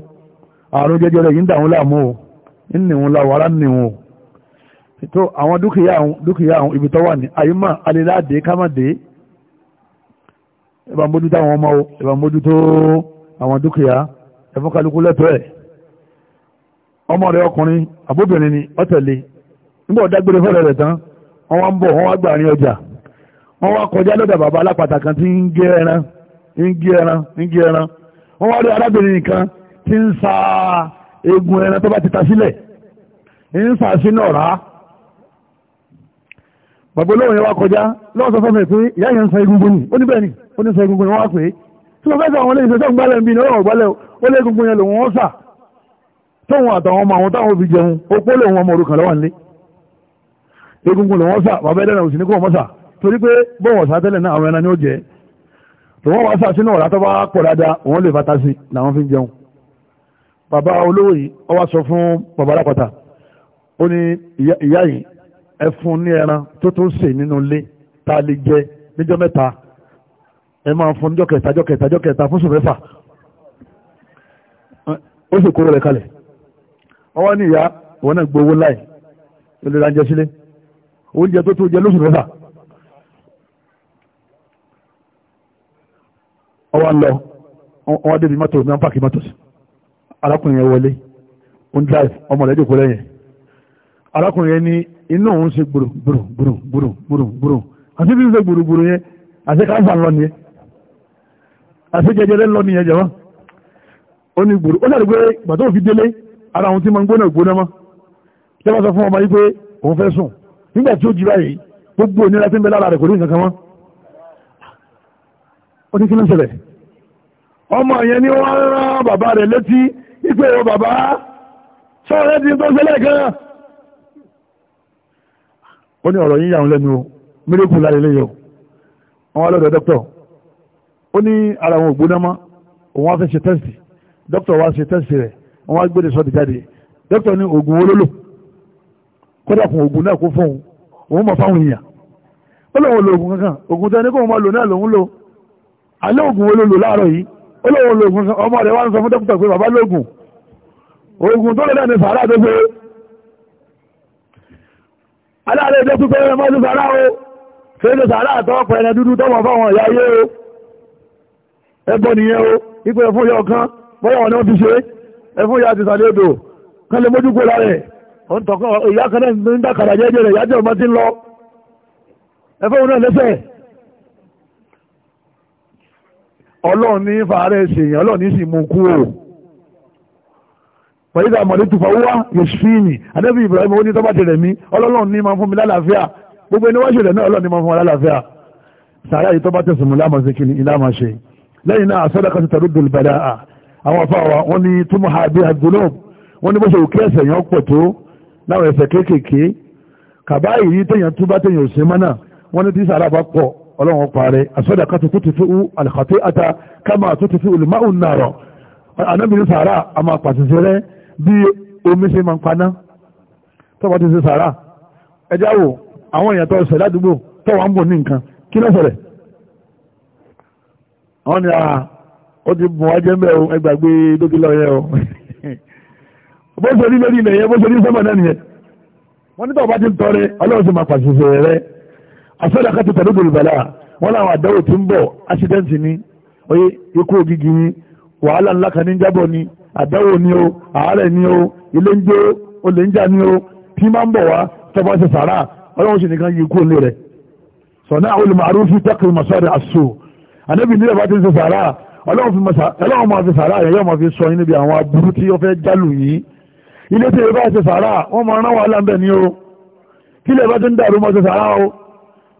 àrùn jẹjẹrẹ yìí ń dà wọn láàmú o ń nì láwọ ẹ̀bà mójútó àwọn ọmọ ẹ̀bà mójútó àwọn dúkìá ẹ̀fún kálukú lẹ́tọ̀ọ́ ẹ̀ ọmọ rẹ̀ ọkùnrin àbóbìnrin ni ọ̀tẹ̀lẹ̀ nígbà ọ̀dágbére fẹ́rẹ̀ rẹ̀ tán wọ́n wá ń bọ̀ wọ́n wá gbà ní ọjà wọ́n wá kọjá lọ́dà bàbá alápàtà kan tí ń gé ẹran ń gé ẹran ń gé ẹran wọ́n wá rí arábìnrin kan tí ń sa eegun ẹran tó bá ti ta sílẹ̀ ń sa sínú ọ̀rá bàbá olóhùn yẹn wá kọjá lọ́wọ́ sọ fẹ́mi pé ìyá yẹn ń sa egungun ni ó ní bẹ́ẹ̀ ni ó ní sa egungun yẹn wá pé tí mo fẹ́ sọ àwọn olóyìn sọ gbálẹ̀ bíi ọlọ́wọ́ gbálẹ̀ ó lé egungun yẹn lòun ó sà tóun àtàwọn ọmọ àwọn táwọn òbí jẹun ó pé lòun ọmọ òrukàn lọ́wọ́ nílé egungun lòun sà bàbá ẹ̀dẹ̀ náà ò sì ní kó wọn sà torí pé bọ́wọ̀ sá tẹ́lẹ̀ náà àwọn ẹran ẹ fún ní ẹran tó tó sè nínú ilé tá a lè jẹ níjọ́ mẹ́ta ẹ máa fún níjọ́ kẹta jọ́ kẹta jọ́ kẹta fún sùn mẹ́fà ó sì kúrò rẹ̀ kalẹ̀ ọwọ́ ní ìyá òun náà gbowó láì ó lè ra sílé oúnjẹ tó tó jẹ lóṣù mẹ́fà ọwọ́ ń lọ ọwọ́ débi mọ́tò ní pàkì mọ́tò arákùnrin yẹn wọlé ó ń drive ọmọ rẹ̀ dìkú lẹ́yìn arákùnrin yẹn ní inú òun ṣe gbòrò gbòrò gbòrò gbòrò gbòrò gbòrò àti bí n ṣe gbòrò gbòrò yẹn àti káńsà lọ nìyẹn àti jẹjẹrẹ lọ nìyẹn jẹmọ ó ní gbòrò ó dàbí pé gbàtọ́ òfin délé ara àwọn tí máa ń gbóná gbóná mọ́ tí wọ́n sọ fún ọmọ yìí pé òun fẹ́ sùn nígbà tí ó jí báyìí gbogbo onira tí ń bẹ lára rẹ̀ kò ní nǹkan kan mọ́ ó ní kí ló ń ṣẹlẹ̀ ọmọ yẹn ni wọ́n rán bàbá rẹ̀ létí ìpè ọ ó ní ọ̀rọ̀ yín yà wọ́n lẹ́nu o mírèkù láyé lẹ́yọ àwọn alọ́dọ̀ dọ́kítọ̀ ó ní ara wọn ògbóná mọ́ òun wá fẹ́ ṣe tẹ́sì dọ́kítọ̀ wá ṣe tẹ́sì rẹ̀ wọ́n wá gbére sọ́ọ̀dì jáde dọ́kítọ̀ ní oògùn olólò kódà fún oògùn náà kó fóun òun mọ̀ fáwọn èèyàn ó lóun lo oògùn kankan oògùn tẹ́ni kóun máa lò náà lòun lò alẹ́ oògùn olólò láàárọ̀ yìí ó lóun lo oògùn ọmọ rẹ̀ wá ń sọ fún dọ́kítọ̀ pé bàbá lóògùn oògùn tó lọ́dà ní sàárà tó pé aláàrẹ ilé pípẹ́ mọ́sí sàárá o fẹ́lú o ẹgbọ́ nìyẹn o ipẹ́ fún yọ kan bọ́yọ̀ wọn ni wọ́n ti ṣe ẹfún ìyá ti sàlẹ̀ odò kan lè mójú kó lárẹ̀ ọ̀n tọ̀kan ìyá kan náà ń dákàrà jẹ́jẹ́ rẹ̀ yájẹ́ fàárẹ̀ ṣèyàn ọlọ́run sì mú kú o fàyídà àmọ̀dé tó fàwọ́ yẹ̀sùfíìnì adébí ibrahim ó ní tọ́ba ti rẹ̀ mí ọlọ́run ní máa fún mi lálàáfíà gbogbo ẹni wá ṣe rẹ̀ náà ọlọ́run ní máa fún wa lálàáfíà sàárà yìí tọ́ba tẹ̀sùn mú láàmà ṣèkìlì ìlàmà ṣe lẹ́yìn náà sọ́dọ̀kà ti tàdúgbò ìbàdà à àwọn afáwa wọn ni túmọ̀ ha bí agbóná wọn ni bó ṣe òkè ẹsẹ̀ yẹn pọ̀ tó láwọn ẹsẹ̀ kéékèèké kàbáyì yìí téèyàn tú bá téèyàn mọ́nà wọn ni tí sàárà pọ̀ ọlọ́run parẹ́ àsọ́dọ̀kà tó ti fi àlùkàtẹ́ ata kámà tó ti fi olùmáwùn nàrọ̀ anábìrin sàárà àmà pàṣẹ bí omi ṣe máa ń paná tọ́ba ti ṣe sàrà ẹjá wò àwọn èèyàn tó ṣẹ̀ ládùúgbò tọ́wà ń bò ní nǹkan kí ló ṣẹlẹ̀ àwọn ni ó ti bùn wá jẹ́ ń bẹ̀ o ẹ gbàgbé yẹn o bó ṣe rí lórí ilẹ̀ yẹn bó ṣe rí sọ́mọ̀ náà nìyẹn wọ́n ní tọ́ba ti ń tọrẹ ọlọ́run sì máa pàṣẹ rẹ àṣọ́dà ká ti tẹ̀lé gbòlùbàlà wọ́n láwọn àdáwò ti ń bọ̀ accident ni oye ikú ògìgì ni wàhálà ńlá kan ní jábọ̀ ni àdáwò ni o àárẹ̀ ni o ilé ń jó olè ń jà ni o tí máa ń bọ̀ wá tọ́ba ṣe sàrà ọlọ́run ṣe nìkan yìí kú òun lè rẹ̀ sọ̀nà àwọn olùmọ̀ọ́rù fi tẹ́kùn mọ̀sọ́rẹ̀ àṣù ànábì nílẹ̀ bá ti ṣe sàrà ọlọ́run máa fi sàrà yẹn yóò máa fi sọ yín níbi àwọn aburú tí ó fẹ́ jálù yín ilé tí ìbá ṣe sàrà wọ́n máa rán wàhálà ń bẹ̀ ni o kí ilé ìbá ti ń dàrú mọ́ ṣe sàrà o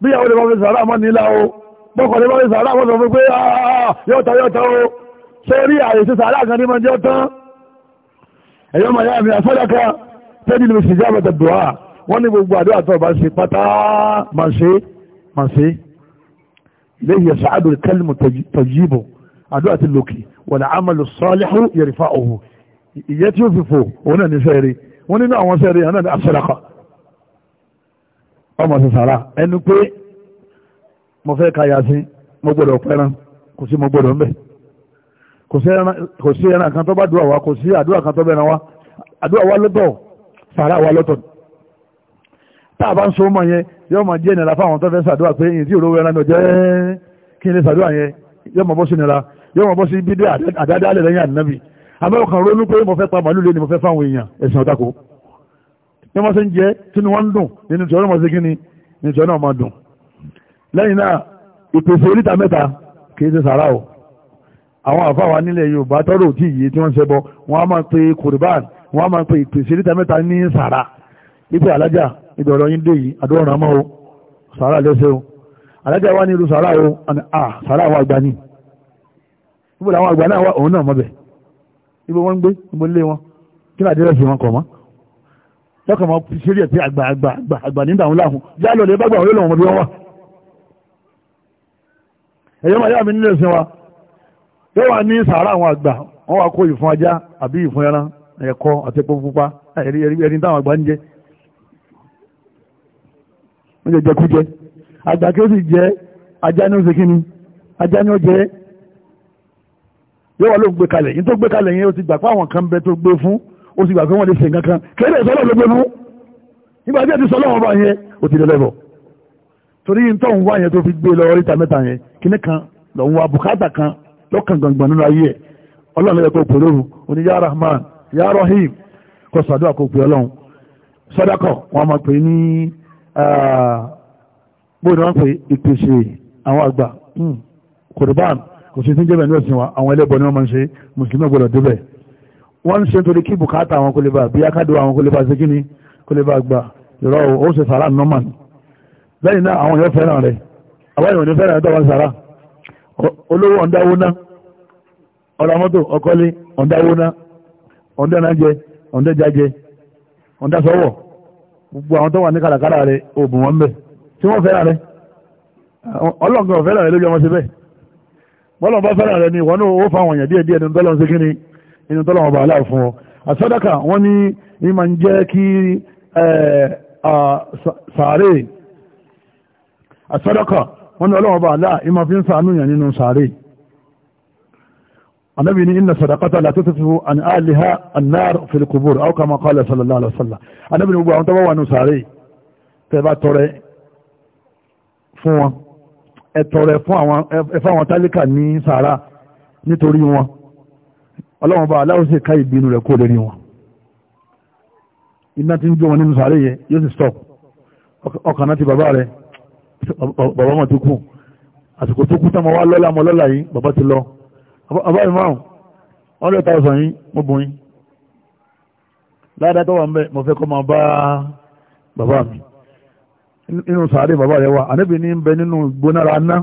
bí ìyàwó lè bá fi sàrà mọ́ nílá o bọ́kọ̀ lè bá fi sàrà mọ́ sọ fún pé yọ̀ọ̀ta yọ̀ọ̀ta o sẹ́rí àyèsí sàárà kan ní mọ́jọ́ tán ẹ̀yọ́ máa yára mi àfọ́dàkà tẹ́lẹ̀ lè ṣìjá àbẹ̀tẹ̀ dùá wọ́n ní gbogbo àdúrà tó bá ṣe pátá máa ṣe máa ṣe léyìí ẹ̀sà àdúrà kẹ́lìmù tọ̀jíìbò àdúrà ti lòkì wọ̀n ní àmàlù sọ́ọ́lẹ́hù yẹ̀rìfà òhù ìyẹ́ tí ó fi fò òun náà ní sẹ́rí wọ́n nínú àwọn sẹ́rí àwọn náà àṣẹ́dàkà ọmọ sí sàárà ẹnu pé mo fẹ́ ka yàsí mo gbọ́dọ̀ pẹ́ràn kò sí mo gbọ́dọ̀ ń bẹ́ẹ̀ kò sí ẹran kan tó bá dùn àwa kò sí àdúrà kan tó bẹ̀rẹ̀ wa àdúrà wa lọ́tọ̀ sàrà wa lọ́tọ̀ tá a bá ń so mọ̀ yẹn yóò máa jẹ́ ìnira fáwọn tó fẹ́ sàdúrà pé ìyìn tí òróró ẹran náà jẹ́ kí n lè sàdúrà yẹn yóò máa bọ́ sí ìnira yóò máa bọ́ sí bídé àdádálẹ̀ lẹ́yìn ànábì àbẹ́wò kan ronú pé mo fẹ́ pa màálù lé ni mo fẹ́ fáwọn èèyàn ẹ̀sìn ọ̀tako ní wọ́n ṣe ń jẹ́ tí ni wọ́n ń dùn nínú ìjọ náà ṣe kí ni ìjọ náà máa dùn lẹ́yìn náà ìpèsè oríta mẹ́ta kì í ṣe sàrà o àwọn àfáwà nílẹ̀ yorùbá tọ́rọ òtí yìí tí wọ́n ṣe bọ́ wọ́n á máa pe kùrìbán wọ́n á máa pe ìpèsè níta mẹ́ta ní sàrà ipe alájà ibi ọ̀rọ̀ yín dé yìí àdúrà àmọ́ o sàrà lẹ́sẹ̀ o alájà wa ní irú sàrà o à sàrà àwọn àgbà ni ibo làwọn àgbà náà wà òun náà mọ́bẹ̀ ibo wọ́n ń gbé ibo nílé wọn kí ni àdírẹ́sì wọn kọ̀ mọ́ lọ́kàn mọ́ yóò wá ní sàárà àwọn àgbà wọ́n wá kó ìfun ajá àbí ìfun ẹran ẹ̀kọ́ àti epo pupa ẹni táwọn àgbà ń jẹ wọ́n jẹ jẹkújẹ àgbà kí ó sì jẹ ajá ní oṣù kínní ajá ní ó jẹ yóò wá ló gbé kalẹ̀ yìí tó gbé kalẹ̀ yẹn ó ti gbà pé àwọn kan bẹ tó gbé fún ó ti gbà pé wọ́n lè ṣe nǹkan kan kéde ìsọ́lọ́ ló gbé fún nígbà tí ẹ ti sọ lọ́wọ́ bá yẹn ó ti lẹ́lẹ́bọ̀ torí yìí tó ń wá yẹn tó fi gbé lọ oríta mẹ́ta yẹn kíní kan lọ́wọ́ àbùkátà kan lọ́kàn gbangba nínú ayé ẹ̀ ọlọ́run lẹ́yìn kò pè lóru oní ya rahman ya rahim kò sàdúrà kò pè ọlọ́run sọ́dákọ̀ wọn máa pè ní bóyá wọn pè ìpèsè àwọn àgbà kùrìbán hmm. kò sí tíjẹ́ bẹ̀rẹ̀ ẹ̀sìn wa àwọn ẹlẹ́bọ̀ ni wọ́n máa ń ṣe mùsùlùmí gbọ́dọ̀ débẹ̀ wọ́n ń ṣe nítorí kí bùkátà àwọn kò lè bá bí akádò àwọn kò lè bá ṣe kíni kò lè bá gbà ìrọ̀ ó ṣe sàrà nọ́mà lẹ́yìn náà àwọn èèyàn fẹ́ràn rẹ̀ àwọn èèyàn fẹ́ràn rẹ̀ tó sàrà olówó ọ̀ndáwó náà ọ̀rọ̀ mọ́tò ọkọ́lé ọ̀ndáwóná ọ̀ndánajẹ ọ̀ndẹ́jajẹ ọ̀ndásọ́wọ̀ gbogbo àwọn tó wà ní kàràkàrà rẹ̀ òògùn wọn bẹ̀ tí wọ́n fẹ́ràn rẹ̀ ọlọ́gbọ̀n fẹ́ràn rẹ̀ lójú ọmọ síbẹ̀ bọ́lọ̀ bá fẹ́ràn rẹ̀ ni wọ́n ní ó fáwọn èèyàn díẹ̀díẹ̀ nínú tọ́lọ́ sí kíni nínú tọ́lọ́ ọba aláà fún ọ àsọdọ́kà wọ́n ní ní máa ń jẹ́ kí sàárè àsọdọ́kà wọ́n ní ọlọ́wọ́ ọba aláà ìmọ̀ fi ń sàánú yàn nínú sàárè anabi ni inna sadaqata la tutfi'u an ahliha an-nar fi al-qubur aw kama qala sallallahu alaihi wasallam anabi ni gbogbo àwọn tó bá wà ní sàárè tẹ́ bá tọrẹ fún wọn ẹ tọrẹ fún àwọn ẹ fáwọn tálíkà ní sàárà nítorí wọn ọlọ́wọ́n bá aláwọ̀ sì ká ìbínú rẹ̀ kó lórí wọn iná ti ń jó wọn nínú sàárè yẹ yóò sì stop ọkàn náà ti bàbá rẹ̀ bàbá wọn ti kú àsìkò tó kú tán mọ́ wá lọ́la mọ́ lọ́la yìí bàbá ti lọ ọba ìmáhùn ọdún ẹ̀ta ọ̀sán yìí mo bùn yín ládàá tó wà ń bẹ mo fẹ́ kọ́ máa bá bàbá mi nínú sàárè bàbá rẹ wà ànábì ní bẹ nínú gbónára ná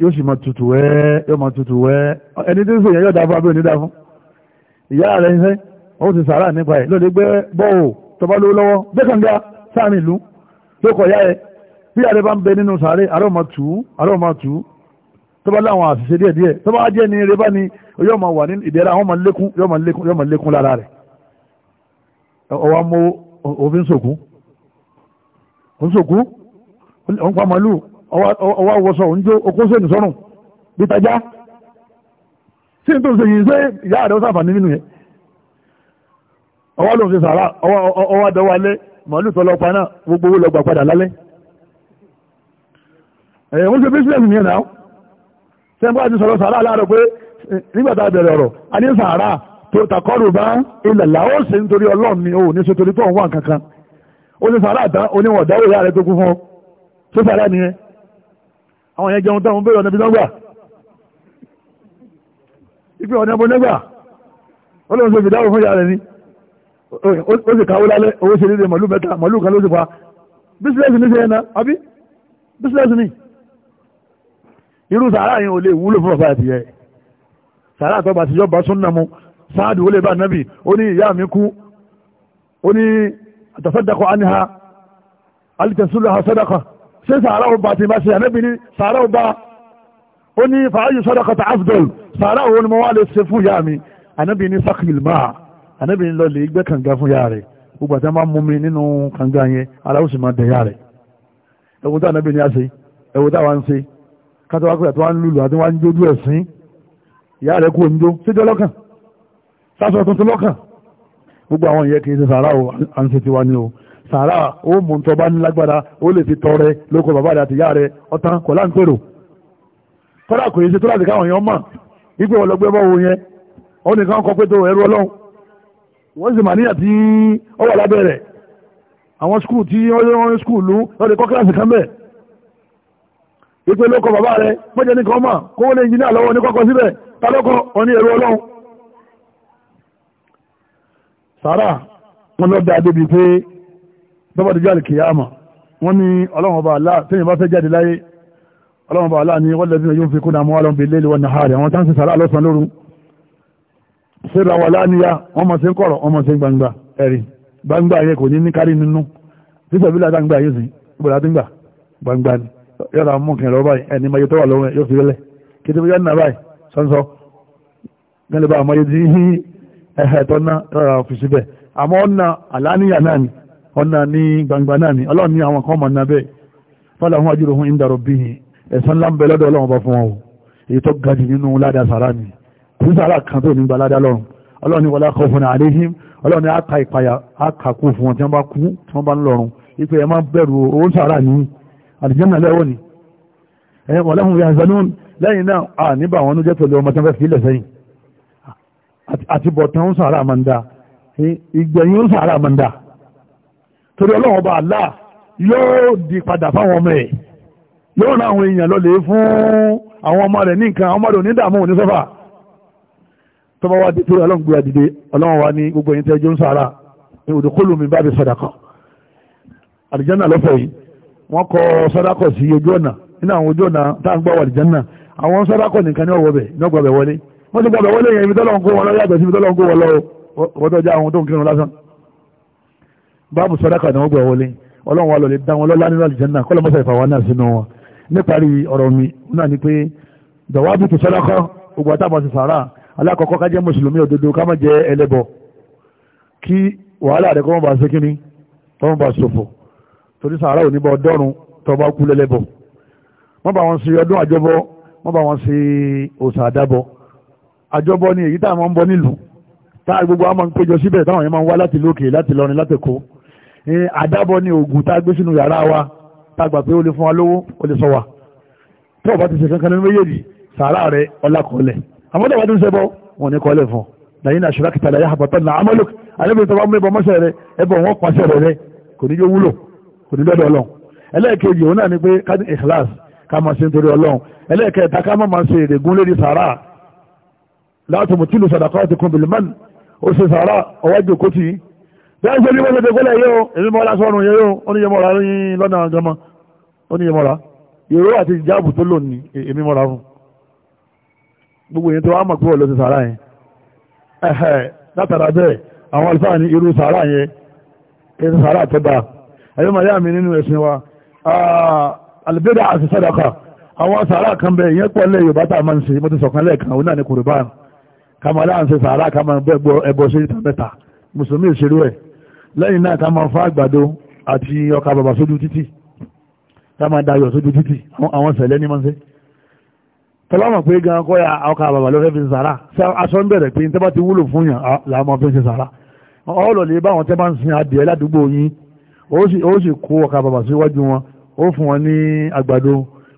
yóò sì máa tutù wẹ́ yóò máa tutù wẹ́ ẹni tí ń sèyàn yóò dáa fún abẹ́ òní dáa fún ìyá rẹ ń sẹ́ ó ti sàárà nípa ẹ̀ lóde gbé bọ́ọ̀ tọba lówó lọ́wọ́ gbé kànga sáàrin ìlú ló yá ẹ bí àrẹ bá ń bẹ nínú sàárè àrọ́ máa tù ú àrọ́ máa tù ú tó bá láwọn àṣìṣe díẹ̀ díẹ̀ tó bá jẹ́ ní eré bá ní yóò máa wà ní ìdẹ́ra àwọn máa lékún yóò máa lékún yóò máa lékún lára rẹ̀ ọwọ́ mú òfin sòkú òun sòkú òun pa màálù ọwọ́ àwọsọ òun jó okó sóònù sọ́rùn bí tajá sí ní tó ń ṣe yìí ṣé ìyá rẹ̀ ó sàǹfààní nínú yẹn ọwọ́ ló ń ṣe sàrà ọwọ́ àdọ́wọ́ alẹ́ màálù tọ́lọ́pàá náà gbogbo owó lọ gbà padà lálẹ́ ẹ̀yẹ̀ wọ́n ṣe bísíǹsì yẹn náà sẹ́ńpọ́ àti sọ̀rọ̀ sàárà láàrọ̀ pé nígbàtà bẹ̀rẹ̀ ọ̀rọ̀ a ní sàárà tó takọ́rù bá ilẹ̀ làó nítorí ọlọ́run ni òun ní ṣe torí tọ́hún wà kankan ó ní sàárà tán oníwọ̀n dáwò ìyá rẹ̀ tó kú fún ṣé sàárà nìyẹn àwọn yẹn jẹun táwọn bẹ̀rẹ̀ ọ̀nà nọ́gbà ipe ọ̀nà bó nẹ́gbà ó ni ó sì káwó lálẹ́ owó ṣe nílé màlúù mẹ́ta màlúù kan irú sàárà yẹn ò lè wúlò fún ọ̀fà àtìyẹ sàárà tó bá ti jọba súnnà mu sáàdù ó lè bá nábì ó ní ìyá mi kú ó ní àtàsọ́dàkọ̀ àníhà alìtẹ̀sùlù àsọ́dàkọ̀ ṣé sàárà ó bá ti bá ṣe ànábì ní sàárà ó bá ó ní fàájì sọ́dàkọ̀ tà afdol sàárà ó ní mo wá lè ṣe fún ìyá mi ànábì ní sakil máa ànábì ní lọ lè kànga fún ìyá rẹ̀ gbogbo àti máa mú mi nínú kànga yẹn aláwòsì máa dẹ̀ ìyá rẹ̀ ẹ̀wọ̀n tá ànábì ní a ṣe ẹ̀wọ̀n tá wa ń ṣe kátó wá pẹ̀lú àtiwá ń lùlù àtiwá ń jójú ẹ̀sìn ìyá rẹ̀ kú òǹjó síjọ́ lọ́kàn sásọ tuntun lọ́kàn gbogbo àwọn ìyẹn kì í ṣe sàárà o à ń ṣe tiwa ni o sàárà ó mú un tọba ní lágbára ó lè fi tọrẹ lóko bàbá rẹ̀ àti ìyá rẹ̀ ọ̀tán kò láǹpẹ̀rò kọ́dà kò yẹ ṣe tó láti káwọn èèyàn mọ̀ ipò ọlọgbẹ́ bọ́ wo yẹn ó nìkan kọ pé tó ẹrú ọlọ́run wọ́n sì mà tí ó ìpè lóko bàbá rẹ pẹ́jẹ́ ní kan mà kówó lè jìnnà lọ́wọ́ ní kọ́kọ́ síbẹ̀ tálọ́kọ́ ọ̀ní ẹ̀rọ ọlọ́run sàrà wọn lọ dáa débi pé bọ́bá dojú àlè kìyàmà wọn ní ọlọ́run ọba àlá tẹ́yìn bá fẹ́ jáde láyé ọlọ́run ọba àlá ni wọ́n lẹ́bí yóò fi kúnnà mú wa lọ́n bí lé wọn nàá rẹ̀ àwọn táǹsì sàrà lọ́sàn lóru síra wà láníyá wọn mọ̀ sí ń kọ̀rọ̀ yọ́ra mú kí ẹ̀rọ báyìí ẹni mayé tó wà lọ́wọ́ yóò fi lẹ́lẹ̀ kí tí yọ́nà báyìí sọ́nsọ́ gẹ́lẹ́ bá àmọ́yé tí hí ẹ̀hẹ̀ tó ná yọ́ra fi síbẹ̀ àmọ́ ọ̀nà àlàníyà náà ni ọ̀nà ní gbangba náà ni ọlọ́run ní àwọn kan mọ̀ náà bẹ́ẹ̀ fọ́lá wọn ajúrò fún ìdàrò bí i ẹ̀sán ńlá ń bẹ lọ́dọ̀ ọlọ́run bá fún wọn o èyí tó ga jù nínú ládàá sàrà ni kùn sàrà kan tó nígbà ládàá lọ́run ọlọ́run ní wọlá kọfún àléhìm a ní àkà ìpayà àkàkù fún wọn tí wọ́n bá kú tí wọ́n bá ń lọ́run ipe ẹ̀ máa bẹ̀rù owó sàrà nìyí àdìjẹ́nà lẹ́wọ́ ni ẹ̀yẹ́ wọ́n lẹ́hùn yahzanun lẹ́yìn náà à níbà wọn jẹ́ pẹ̀lú ọmọ tán fẹ́ fílẹ̀ sẹ́yìn àti bọ̀tán ń sàárà máa ń da ìgbẹ̀yìn ń sàárà máa ń da torí ọlọ́run ọba àlá yóò di padà fáwọn ọmọ ẹ̀ yóò rán àwọn èèyàn lọlé fún àwọn ọmọ rẹ̀ ní nǹkan ọmọ rẹ̀ onídààmú òní sọ́fà tọ́ba wa di torí ọlọ́run gbéra dìde ọlọ́run wa ní gbogbo ẹ̀yìn tẹ́jọ́ ń sàárà ní òdòkólùmí bá mi sọ̀dà kan àdìjẹ́nà lọ́fẹ̀ẹ́ yìí wọ́n kọ sọ́dákọ̀ sí ojú ọ̀nà nínú àwọn ojú ọ̀nà tá à ń gbọ́ wà lìjánà àwọn sọ́dákọ̀ nìkan ní ọ̀wọ́ bẹ̀ ní ọgbà bẹ̀ wọlé wọ́n ti gbà bẹ̀ wọlé yẹn ibi tọ́lọ́ ń kó wọn lọ yàtọ̀ sí ibi tọ́lọ́ ń wọn lọ ọ̀dọ́jà àwọn tó ń kírun lásán báàbù sọ́dákọ̀ ni wọ́n gbà wọlé ọlọ́run wa lọ lè dá wọn lọ́lá nínú àlìjánà kọ́lọ́ mọ́sà ìfà wọn náà sínú wọn níparí ọ̀rọ̀ mi náà ni pé dọ̀wábù tó sọ́dákọ̀ ogun àtàbọ̀ sí sàárà alákọ̀ọ́kọ́ ká jẹ́ mùsùlùmí òdodo ká má jẹ́ ẹlẹ́bọ kí wàhálà rẹ̀ kọ́ mọ́ bá ṣe kíní kọ́ mọ́ bá ṣòfò torí sàárà ò ní bọ́ ọdọ́run tó bá kú lẹ́lẹ́bọ̀ wọ́n bá wọn sí ọdún àjọbọ wọ́n bá wọn sí òsà àdábọ àjọbọ ni èyí tá àwọn ń bọ nílùú tá gbogbo àwọn máa ń péjọ síbẹ̀ táwọn yẹn máa ń wá láti lókè láti lọrin láti kó àdábọ ni oògùn tá gbé sínú yàrá wa tá gbà pé ó lè fún wa lówó ó lè sọ wa tó o bá ti ṣe kankan nínú méjèèjì sàárà rẹ ọlá kọlẹ̀ àmọ́ tó o bá ti ń ṣẹbọ wọn ní kọlẹ̀ fún lẹ́yìn àṣírà kìtàlẹ̀ yà àbọ̀tán náà amọ́lòk àlẹ́bẹ̀rẹ̀ tó bá mú ẹbọ mọ́ṣẹ́ rẹ ẹbọ wọn pàṣẹ rẹ kò ní yóò wúlò kò ní lọ́dọ̀ ọlọ́run ẹlẹ́ẹ̀kejì òun náà ni pé ká ní ikhlas ká máa ṣe nítorí ọlọ́run ẹlẹ́ẹ̀kẹta ká máa ṣe èrègún lérí sàárà láti mú tìlù sadaqatikum bil man ó ṣe sàárà ọwájú kó tì í bí wọ́n ṣe ní mọ́tò tẹ́kọ́lẹ̀ yóò èmi mọ́ra sọ́run yẹ yóò ó ní yẹ mọ́ra lọ́nà àjọmọ́ ó ní yẹ mọ́ra àti ìjáàbù tó lò ní e, èmi mọ́ra fún gbogbo yẹn tó wá mọ̀ pé wọ́n lọ sí sàárà yẹn látara bẹ́ẹ̀ àwọn alfáà ní irú sàárà yẹn kí sàárà tó dáa ẹ̀yọ́ màá yá mi nínú ẹ̀sìn wa àlùbẹ́dà ah, àti sàdákà àwọn sàárà kan bẹ ìyẹn pọ̀ lẹ́yìn yorùbá tá a máa ń ṣe mo ti sọ̀kan lẹ́ẹ̀kan òun náà ni kùrùbán kàmá láà ń ṣe sàárà ká máa bẹ́ ẹbọ ṣe ìta mẹ́ta mùsùlùmí ìṣerú ẹ̀ lẹ́yìn náà ká máa fá àgbàdo àti ọkà bàbà sójú títì ká máa dayọ̀ sójú títì àwọn sẹ̀lẹ̀ ní máa ń ṣe tọ́lámọ̀ pé gan kọ́ ya ọkà àbàbà ló fẹ́ fi sàárà aṣọ ń bẹ̀rẹ̀ pé tẹ́ bá ti wúlò fún yàn làwọn máa fi ń ṣe sàárà ọlọ́lẹ̀ ó sì ó sì kó ọkà bàbà síwájú wọn ó fún wọn ní àgbàdo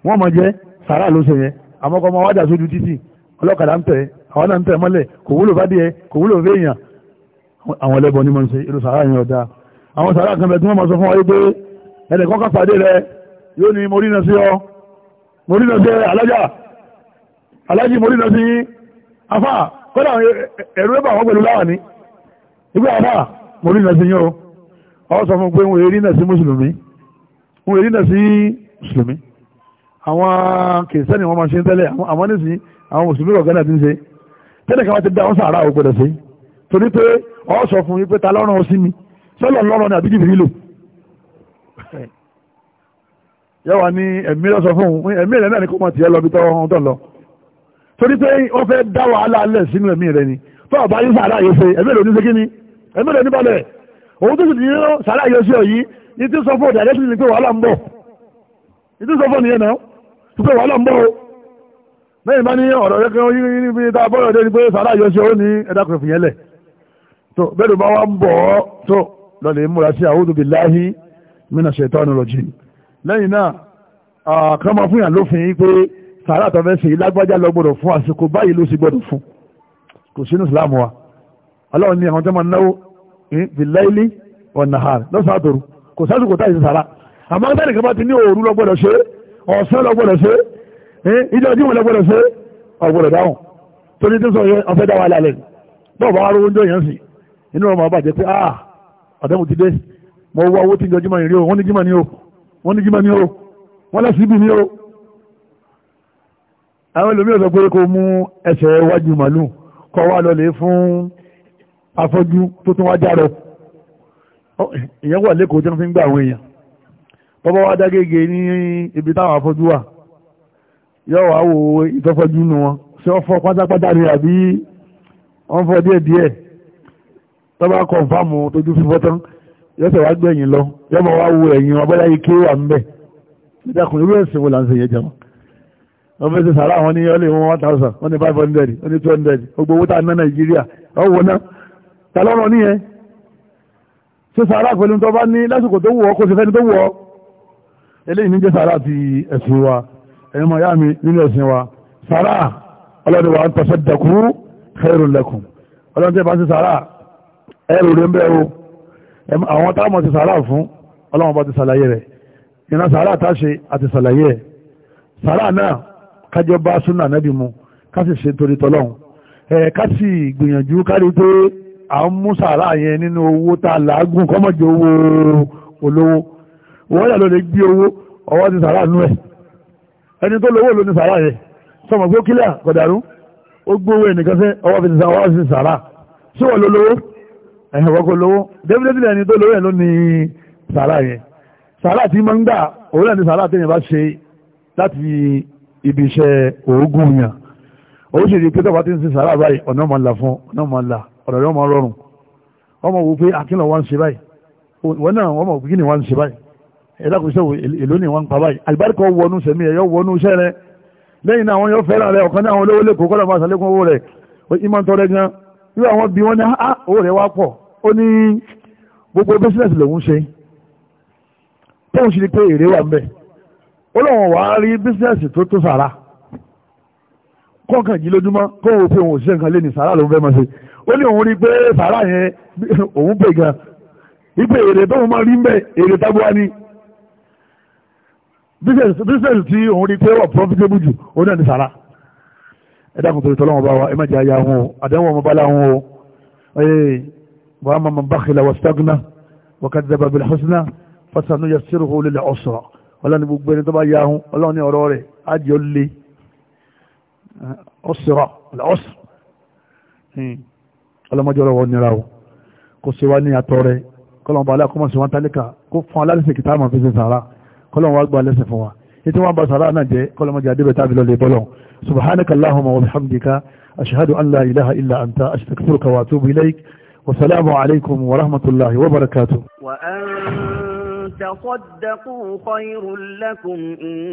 wọn mọ jẹ sàrà ló ṣe yẹn àmọ́ kọ́ ọmọ wájà sójú títì ọlọ́kadà ń tẹ̀ àwọn náà ń tẹ̀ mọ́lẹ̀ kò wúlò fádìẹ kò wúlò fẹ́yàn àwọn ẹlẹ́bọn ní mọ̀ ń ṣe irú sàrà yẹn ọ̀dà àwọn sàrà kan bẹ̀ tí wọ́n mọ̀ sọ fún wa yìí pé ẹnì pàdé rẹ yóò ní morí ọ morí náà sí alájà alájì morí náà sí wọn pẹ̀lú láwà ní ìgbé morí náà sí yín ọ sọ fún pé wọn èrí náà sí mùsùlùmí wọn èrí náà sí mùsùlùmí àwọn kìrìsìtẹ́nì wọn máa ṣe ń tẹ́lẹ̀ àwọn nísìnyí àwọn mùsùlùmí ọ̀gá náà ti ń ṣe tẹ́lẹ̀ kan wá ti dá wọn sàárà ó gbọdọ̀ sí torí pé ọ sọ fún yín pé ta lọ́rùn ó sí mi sọ́lọ̀ lọ́rùn ni àbí jìbìrì lò yẹ́wà ní ẹ̀mí lọ fún un ẹ̀mí rẹ̀ náà ni kó mọ̀ tiẹ̀ lọ bí tọ́wọ́ tó ni tọ́ọ̀ ni ẹ̀mí òun tó sì ní sàrà yọsí ọ yìí ní tí sọ fún ọ̀dà ni pé wàhálà ń bọ̀ ní tí sọ fún nìyẹn náà ní pé wàhálà ń bọ̀ o bá ní ọ̀rọ̀ rẹ ni pé sàrà yọsí ọ ní ẹ̀dá kan fìyẹn lẹ̀ tó bẹ́ẹ̀ ló bá wá ń billahi mina shaitanir rajim lẹ́yìn náà kan máa fún yàn lófin yí pé sàrà àtọ́fẹ́ sí lágbájá lọ gbọ́dọ̀ fún àsìkò báyìí ló sì gbọ́dọ̀ fún kò sínú bìláìlì ọ̀nàhàr lọ́sàn àtòrú kò sásìkò táyì sí sàrà àmọ́ sẹ́ni kan bá ti ní òru lọ́gbọ́dọ̀ ṣe ọ̀sán lọ́gbọ́dọ̀ ṣe hmm? ìjọ ojú wọn lọ́gbọ́dọ̀ ṣe ọ̀gbọ́dọ̀ dáhùn torí tí sọ yẹn ọ̀fẹ́ dá wa lálẹ́ bọ́ọ̀ bá wá rówó oúnjẹ yẹn sì inú ọmọ ọba jẹ pé ah ọ̀dẹ́mu ti dé mo wá owó tí ń jọ jímọ̀ ìrí o wọ́n ní jímọ̀ ní o wọ́n ní jímọ̀ ní o wọ́n lẹ́sìn ibi ní o àwọn ẹlòmíràn sọ pé kò mú ẹsẹ̀ wájú màlúù kọ́ wá lọ lè fún afọ́jú tó tún wá járọ ìyẹn wà lẹ́kọ̀ọ́ tí wọ́n fi ń gbà àwọn èèyàn bọ́bá wá dágége ní ibi táwọn afọ́jú wà yóò wá wo ìtọ́fọ́jú nu wọn ṣé wọ́n fọ́ pátápátá ni àbí wọ́n fọ́ díẹ̀ díẹ̀ tó bá kọ̀ǹfàmù tójú fífọ́ tán yóò tẹ̀ wá gbẹ̀yìn lọ yóò mọ̀ wá wo ẹ̀yìn ọbọ̀dá yìí kí wà ń bẹ̀ nítakùn irú ẹ̀sìn wo là ń ṣe yẹn jẹun wọ́n fẹ́ ṣe sàrà àwọn ní ọlẹ́ wọn one thousand wọ́n ní five hundred wọ́n ní two hundred gbogbo owó tá a ná Nàìjíríà ọ̀wọ́ náà tàlọ́rọ̀ ní ẹ ṣe sàárà pẹ̀lú tó bá ní lásìkò tó wọ́ kó ṣe fẹ́ni tó wọ́ eléyìí ní jẹ́ sàárà ti ẹ̀sìn wa ẹ̀yìn mọ̀ yá mi nínú ẹ̀sìn wa sàárà ọlọ́dún wa ń tọ́ṣẹ́ dẹ̀kú khairul lakum ọlọ́dún tẹ́ bá ti sàárà ẹ̀rù rẹ̀ ń bẹ́ o àwọn táwọn ti sàárà fún ọlọ́wọ́n bá ti sàlàyé rẹ̀ ìran sàárà tá ṣe àti à ń mú sàárà yẹn nínú owó tá a làágùn kọ́mọ̀jẹ́ owó olówó wọ́n yà ló lè gbé owó ọwọ́ ti sàárà nú ẹ̀ ẹni tó lówó ló ní sàárà yẹn sọmọ pé ó kílẹ̀ kọ̀dàrú ó gbówó ẹnìkan sẹ́ ọwọ́ fi ti sàárà ọwọ́ fi ti sàárà sí wọ́n ló lówó ẹ̀hìn wọ́n kò lówó débìlẹ́tì ẹni tó lówó yẹn ló ní sàárà yẹn sàárà tí máa ń gbà òun náà ní sàárà téèyàn bá ṣe láti ibi iṣẹ́ òógùn yàn òun sì rí pé tọ́ba ọ̀rọ̀ yóò máa rọrùn ọmọ wò pé akínlọ ah, wá ń ṣe báyìí wọn náà ọmọ òbí ni wá ń ṣe báyìí ẹ̀dá kò sẹ́wọ̀ èló ni wọ́n ń pa báyìí àlùbáríkà wọnú sẹ́mi ẹ̀yọ́ wọnú iṣẹ́ rẹ lẹ́yìn náà àwọn yóò fẹ́ràn rẹ ọ̀kan náà àwọn olówó lẹ́kọ̀ọ́ kọ́lá máa sàlékún owó rẹ̀ ìmọ̀ ń tọrẹ gan irú àwọn bí wọ́n ní á ah, ah, owó rẹ̀ wá pọ̀ ó ní gbogbo bísíǹsì lòun ṣe tóun sì ni pé èrè wà ń bẹ̀ wà á rí bísíǹsì tó tó sàrà kọ́ńkàn jí lójúmọ́ kóun ò pé òun òṣìṣẹ́ nǹkan lé ní sàrà lòun fẹ́ máa ṣe ó ní òun rí pé sàárà yẹn òun pè gan ipe èrè tó máa rí mbẹ èrè tábúwa ni business tí òun rí pé wà profitable jù ó náà ní sàárà ẹ dákun torí tọ́lọ́wọ́n bá wa ẹ má jẹ́ aya wọn o àdéhùn ọmọ bá láwọn o ee wàá máa máa bakhila wastagna wa kadhaba bil husna fasanuyassiruhu lil usra ọlọ́ni gbogbo ẹni tó bá yahun ọlọ́ni ọ̀rọ̀ rẹ̀ ájì ó lé ọ̀sọ̀rọ̀ ọ̀sọ̀rọ̀ ọlọ́mọjọ́ ọ̀rọ̀ nira o kò ṣe wá ní atọ́ rẹ kọ́lọ́n bá aláàkọ́mọ̀ sí wọn tálíkà kó fún alálẹ́sẹ̀ kìtà àmọ́ fífi sàrà kọ́lọ́n wá gba lẹ́sẹ̀ fún wa ètò wọn bá sàrà náà jẹ́ kọ́lọ́mọjọ adébẹ̀ tábí lọ́lẹ̀ bọ́lọ̀ subhanaka allahumma wa bihamdika ashhadu an la ilaha illa anta astaghfiruka wa atubu ilaik wa salaamu alaykum wa rahmatullahi wa barakatuh wa تصدقوا خير لكم إن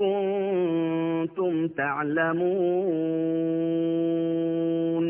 كنتم تعلمون